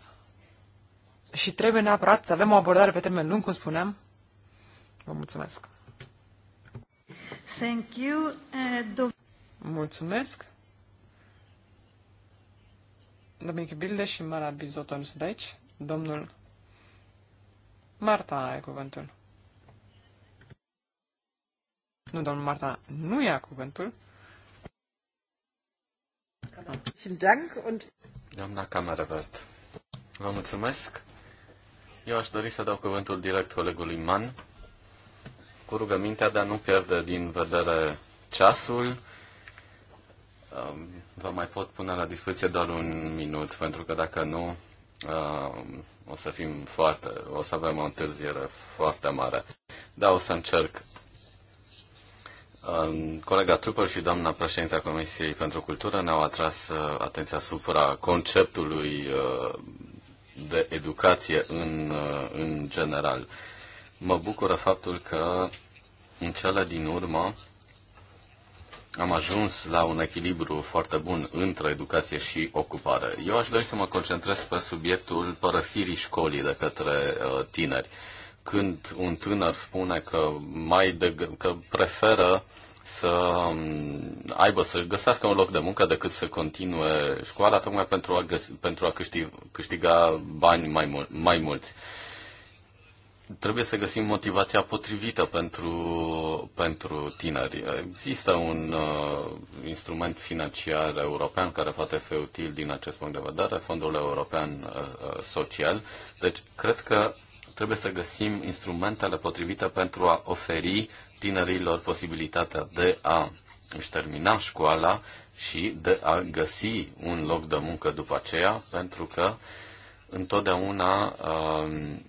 Speaker 1: și trebuie neapărat să avem o abordare pe termen lung, cum spuneam. Vă mulțumesc. Thank you. Uh, mulțumesc. Dominic Bilde și Mara Bizoton nu sunt aici. Domnul Marta are cuvântul. Nu, domnul Marta nu ia cuvântul. Dank und
Speaker 3: Doamna Camerevert, vă mulțumesc. Eu aș dori să dau cuvântul direct colegului Man, cu rugămintea de a nu pierde din vedere ceasul. Um, vă mai pot pune la dispoziție doar un minut, pentru că dacă nu, um, o să fim foarte, o să avem o întârziere foarte mare. Da, o să încerc Colega Trupăr și doamna a Comisiei pentru Cultură ne-au atras uh, atenția asupra conceptului uh, de educație în, uh, în general. Mă bucură faptul că în cele din urmă am ajuns la un echilibru foarte bun între educație și ocupare. Eu aș dori să mă concentrez pe subiectul părăsirii școlii de către tineri când un tânăr spune că, mai de, că preferă să um, aibă, să găsească un loc de muncă decât să continue școala, tocmai pentru a, găs- pentru a câștiga, câștiga bani mai, mul- mai mulți. Trebuie să găsim motivația potrivită pentru, pentru tineri. Există un uh, instrument financiar european care poate fi util din acest punct de vedere, Fondul European uh, uh Social. Deci, cred că Trebuie să găsim instrumentele potrivite pentru a oferi tinerilor posibilitatea de a își termina școala și de a găsi un loc de muncă după aceea, pentru că întotdeauna um,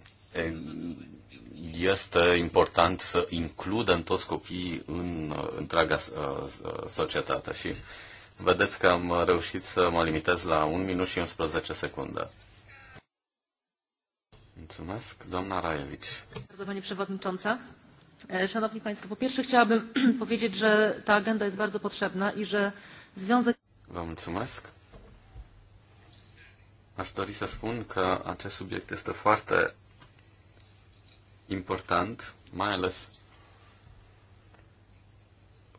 Speaker 3: este important să includem toți copiii în uh, întreaga uh, societate și vedeți că am reușit să mă limitez la 1 minut și 11 secunde. Mulțumesc, doamna Rajewicz.
Speaker 2: Bardzo Pani Przewodnicząca. Szanowni Państwo, po pierwsze chciałabym powiedzieć, że ta agenda jest bardzo potrzebna i że związek...
Speaker 3: Vă mulțumesc. Aș dori să spun că acest subiect este foarte important, mai ales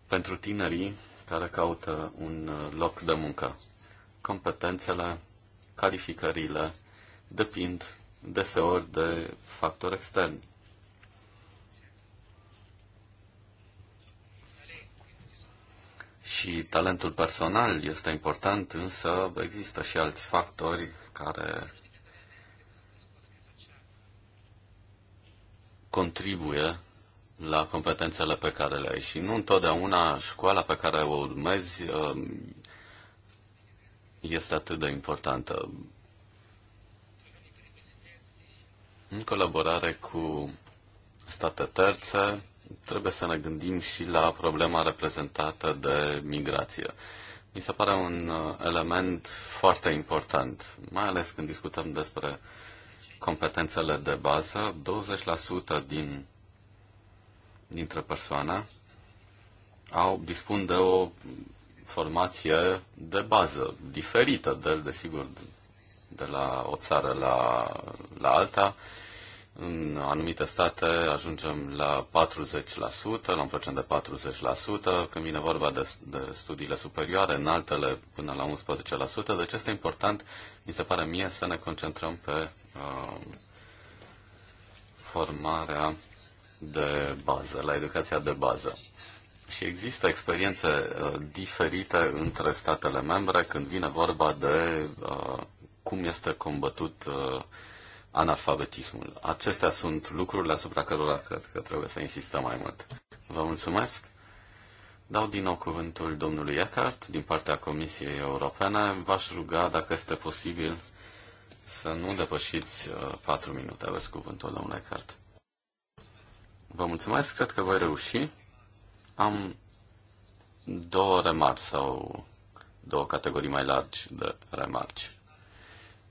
Speaker 3: pentru tinerii care caută un loc de muncă. Competențele, calificările depind deseori de factori externi. Și talentul personal este important, însă există și alți factori care contribuie la competențele pe care le ai. Și nu întotdeauna școala pe care o urmezi um, este atât de importantă. În colaborare cu state terțe, trebuie să ne gândim și la problema reprezentată de migrație. Mi se pare un uh, element foarte important, mai ales când discutăm despre competențele de bază. 20% din, dintre persoane au, dispun de o formație de bază, diferită de, desigur, de la o țară la, la alta. În anumite state ajungem la 40%, la un procent de 40%, când vine vorba de, de studiile superioare, în altele până la 11%. Deci este important, mi se pare mie, să ne concentrăm pe uh, formarea de bază, la educația de bază. Și există experiențe uh, diferite între statele membre când vine vorba de uh, cum este combătut uh, analfabetismul. Acestea sunt lucrurile asupra cărora cred că trebuie să insistăm mai mult. Vă mulțumesc. Dau din nou cuvântul domnului Eckhart din partea Comisiei Europene. V-aș ruga, dacă este posibil, să nu depășiți uh, patru minute. Aveți cuvântul, domnule Eckhart. Vă mulțumesc, cred că voi reuși. Am două remarci sau două categorii mai largi de remarci.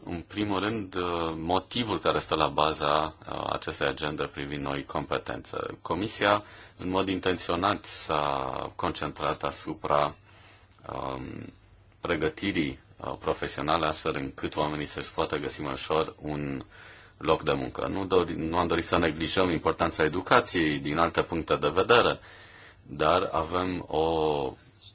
Speaker 3: În primul rând, uh, motivul care stă la baza uh, acestei agende privind noi competențe. Comisia, în mod intenționat, s-a concentrat asupra um, pregătirii uh, profesionale, astfel încât oamenii să-și poată găsi mai ușor un loc de muncă. Nu, dori, nu am dorit să neglijăm importanța educației din alte puncte de vedere, dar avem o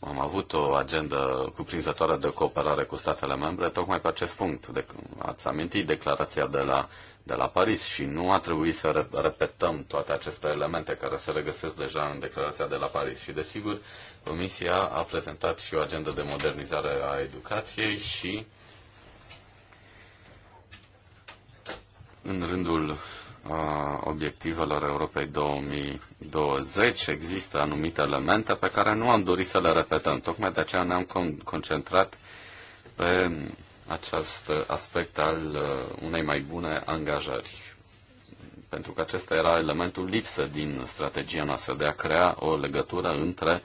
Speaker 3: am avut o agendă cuprinzătoare de cooperare cu statele membre, tocmai pe acest punct. De, ați amintit declarația de la, de la Paris și nu a trebuit să re- repetăm toate aceste elemente care se regăsesc deja în declarația de la Paris. Și, desigur, Comisia a prezentat și o agendă de modernizare a educației și în rândul obiectivelor Europei 2020 există anumite elemente pe care nu am dorit să le repetăm. Tocmai de aceea ne-am con- concentrat pe acest aspect al uh, unei mai bune angajări. Pentru că acesta era elementul lipsă din strategia noastră de a crea o legătură între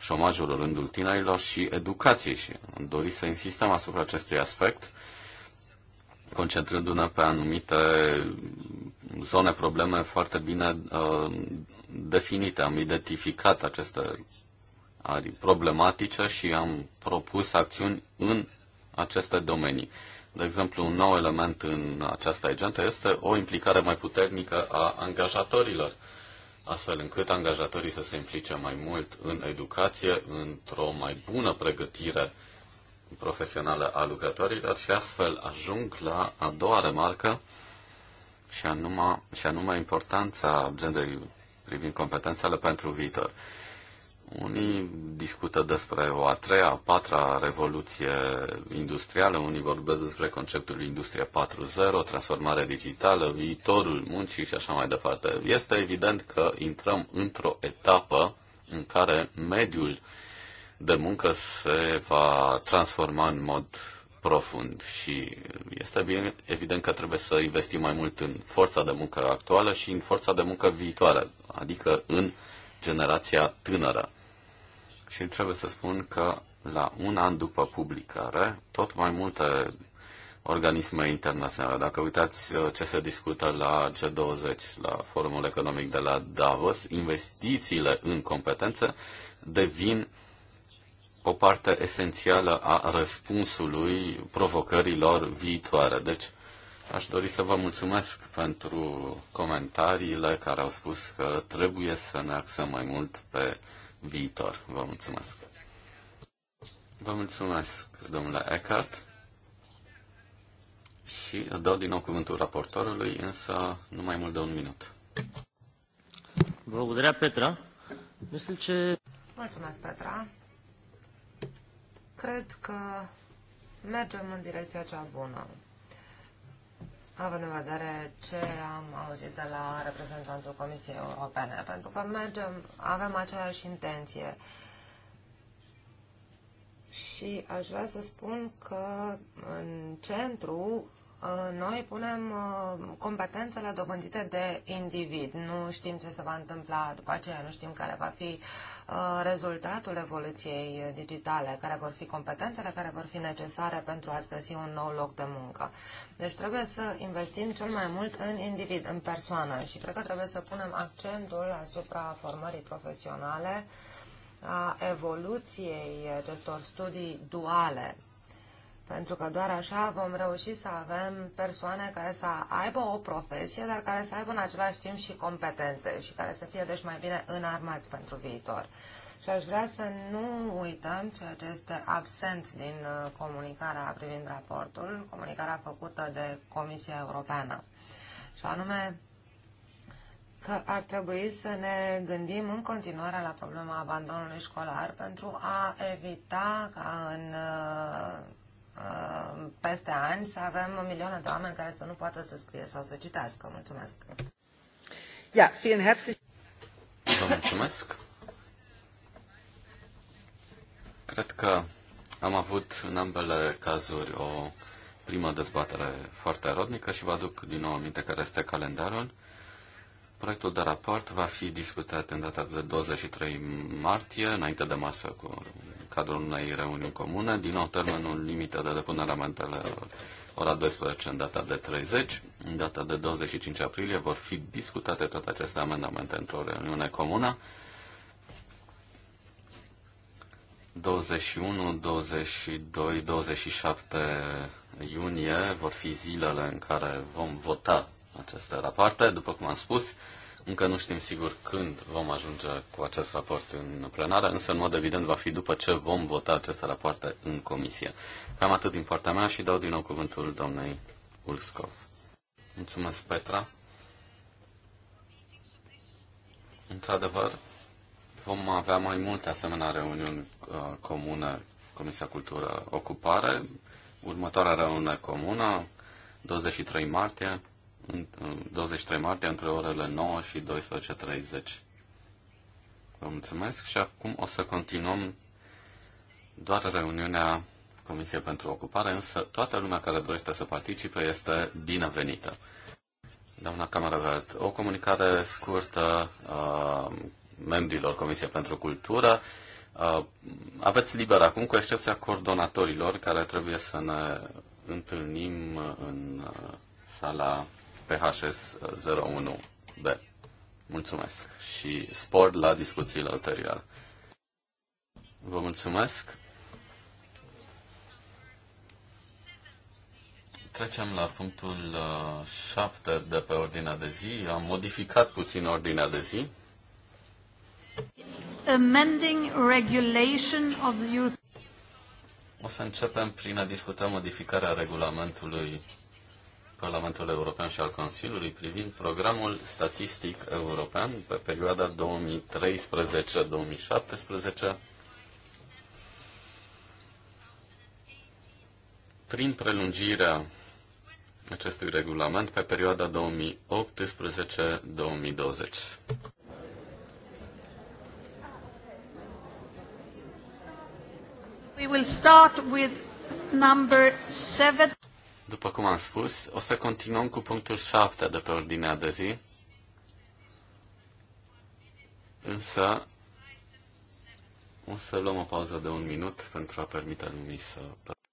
Speaker 3: șomajul rândul tinerilor și educației. Și am dorit să insistăm asupra acestui aspect, concentrându-ne pe anumite zone, probleme foarte bine uh, definite. Am identificat aceste arii problematice și am propus acțiuni în aceste domenii. De exemplu, un nou element în această agentă este o implicare mai puternică a angajatorilor, astfel încât angajatorii să se implice mai mult în educație, într-o mai bună pregătire profesională a lucrătorilor și astfel ajung la a doua remarcă și anume, și anume importanța agendei privind competențele pentru viitor. Unii discută despre o a treia, a patra revoluție industrială, unii vorbesc despre conceptul Industria 4.0, transformare digitală, viitorul muncii și așa mai departe. Este evident că intrăm într-o etapă în care mediul de muncă se va transforma în mod profund și este bine, evident că trebuie să investim mai mult în forța de muncă actuală și în forța de muncă viitoare, adică în generația tânără. Și trebuie să spun că la un an după publicare, tot mai multe organisme internaționale. Dacă uitați uh, ce se discută la G20, la Forumul Economic de la Davos, investițiile în competență devin uh, o parte esențială a răspunsului provocărilor viitoare. Deci, aș dori să vă mulțumesc pentru comentariile care au spus că trebuie să ne axăm mai mult pe viitor. Vă mulțumesc. Vă mulțumesc, domnule Eckhart. Și dau din nou cuvântul raportorului, însă nu mai mult de un minut. mulțumesc Petra.
Speaker 2: Mulțumesc, Petra cred că mergem în direcția cea bună. Având în vedere ce am auzit de la reprezentantul Comisiei Europene, pentru că mergem, avem aceeași intenție. Și aș vrea să spun că în centru noi punem uh, competențele dobândite de individ. Nu știm ce se va întâmpla după aceea, nu știm care va fi uh, rezultatul evoluției digitale, care vor fi competențele care vor fi necesare pentru a-ți găsi un nou loc de muncă. Deci trebuie să investim cel mai mult în individ, în persoană și cred că trebuie să punem accentul asupra formării profesionale, a evoluției acestor studii duale pentru că doar așa vom reuși să avem persoane care să aibă o profesie, dar care să aibă în același timp și competențe și care să fie deci mai bine înarmați pentru viitor. Și aș vrea să nu uităm ceea ce este absent din uh, comunicarea privind raportul, comunicarea făcută de Comisia Europeană. Și anume că ar trebui să ne gândim în continuare la problema abandonului școlar pentru a evita ca în uh, Uh, peste ani să avem milioane de oameni care să nu poată să scrie sau să citească. Mulțumesc!
Speaker 1: Ja, vielen herzlich.
Speaker 3: Vă mulțumesc. Cred că am avut în ambele cazuri o primă dezbatere foarte rodnică și vă aduc din nou aminte care este calendarul. Proiectul de raport va fi discutat în data de 23 martie, înainte de masă, cu cadrul unei reuniuni comune. Din nou, termenul limită de depunere amendelor ora 12 în data de 30. În data de 25 aprilie vor fi discutate toate aceste amendamente într-o reuniune comună. 21, 22, 27 iunie vor fi zilele în care vom vota acest raport. După cum am spus, încă nu știm sigur când vom ajunge cu acest raport în plenară, însă în mod evident va fi după ce vom vota aceste rapoarte în comisie. Cam atât din partea mea și dau din nou cuvântul doamnei Ulskov. Mulțumesc, Petra. Într-adevăr, vom avea mai multe asemenea reuniuni uh, comune, Comisia Cultură Ocupare, următoarea reuniune comună, 23 martie, 23 martie între orele 9 și 12.30. Vă mulțumesc și acum o să continuăm doar reuniunea Comisiei pentru Ocupare, însă toată lumea care dorește să participe este binevenită. Doamna Camerăvert, o comunicare scurtă a uh, membrilor Comisiei pentru Cultură. Uh, aveți liber acum, cu excepția coordonatorilor, care trebuie să ne întâlnim în uh, sala PHS 01B. Mulțumesc și spor la discuțiile ulterioare. Vă mulțumesc. Trecem la punctul 7 uh, de pe ordinea de zi. Am modificat puțin ordinea de zi.
Speaker 2: Amending regulation
Speaker 1: of the European...
Speaker 3: O să începem prin a discuta modificarea regulamentului Parlamentului European și al Consiliului privind programul statistic european pe perioada 2013-2017 prin prelungirea acestui regulament pe perioada 2018-2020. We will start with number seven. După cum am spus, o să continuăm cu punctul 7 de pe ordinea de zi. Însă, o să luăm o pauză de un minut pentru a permite lumii să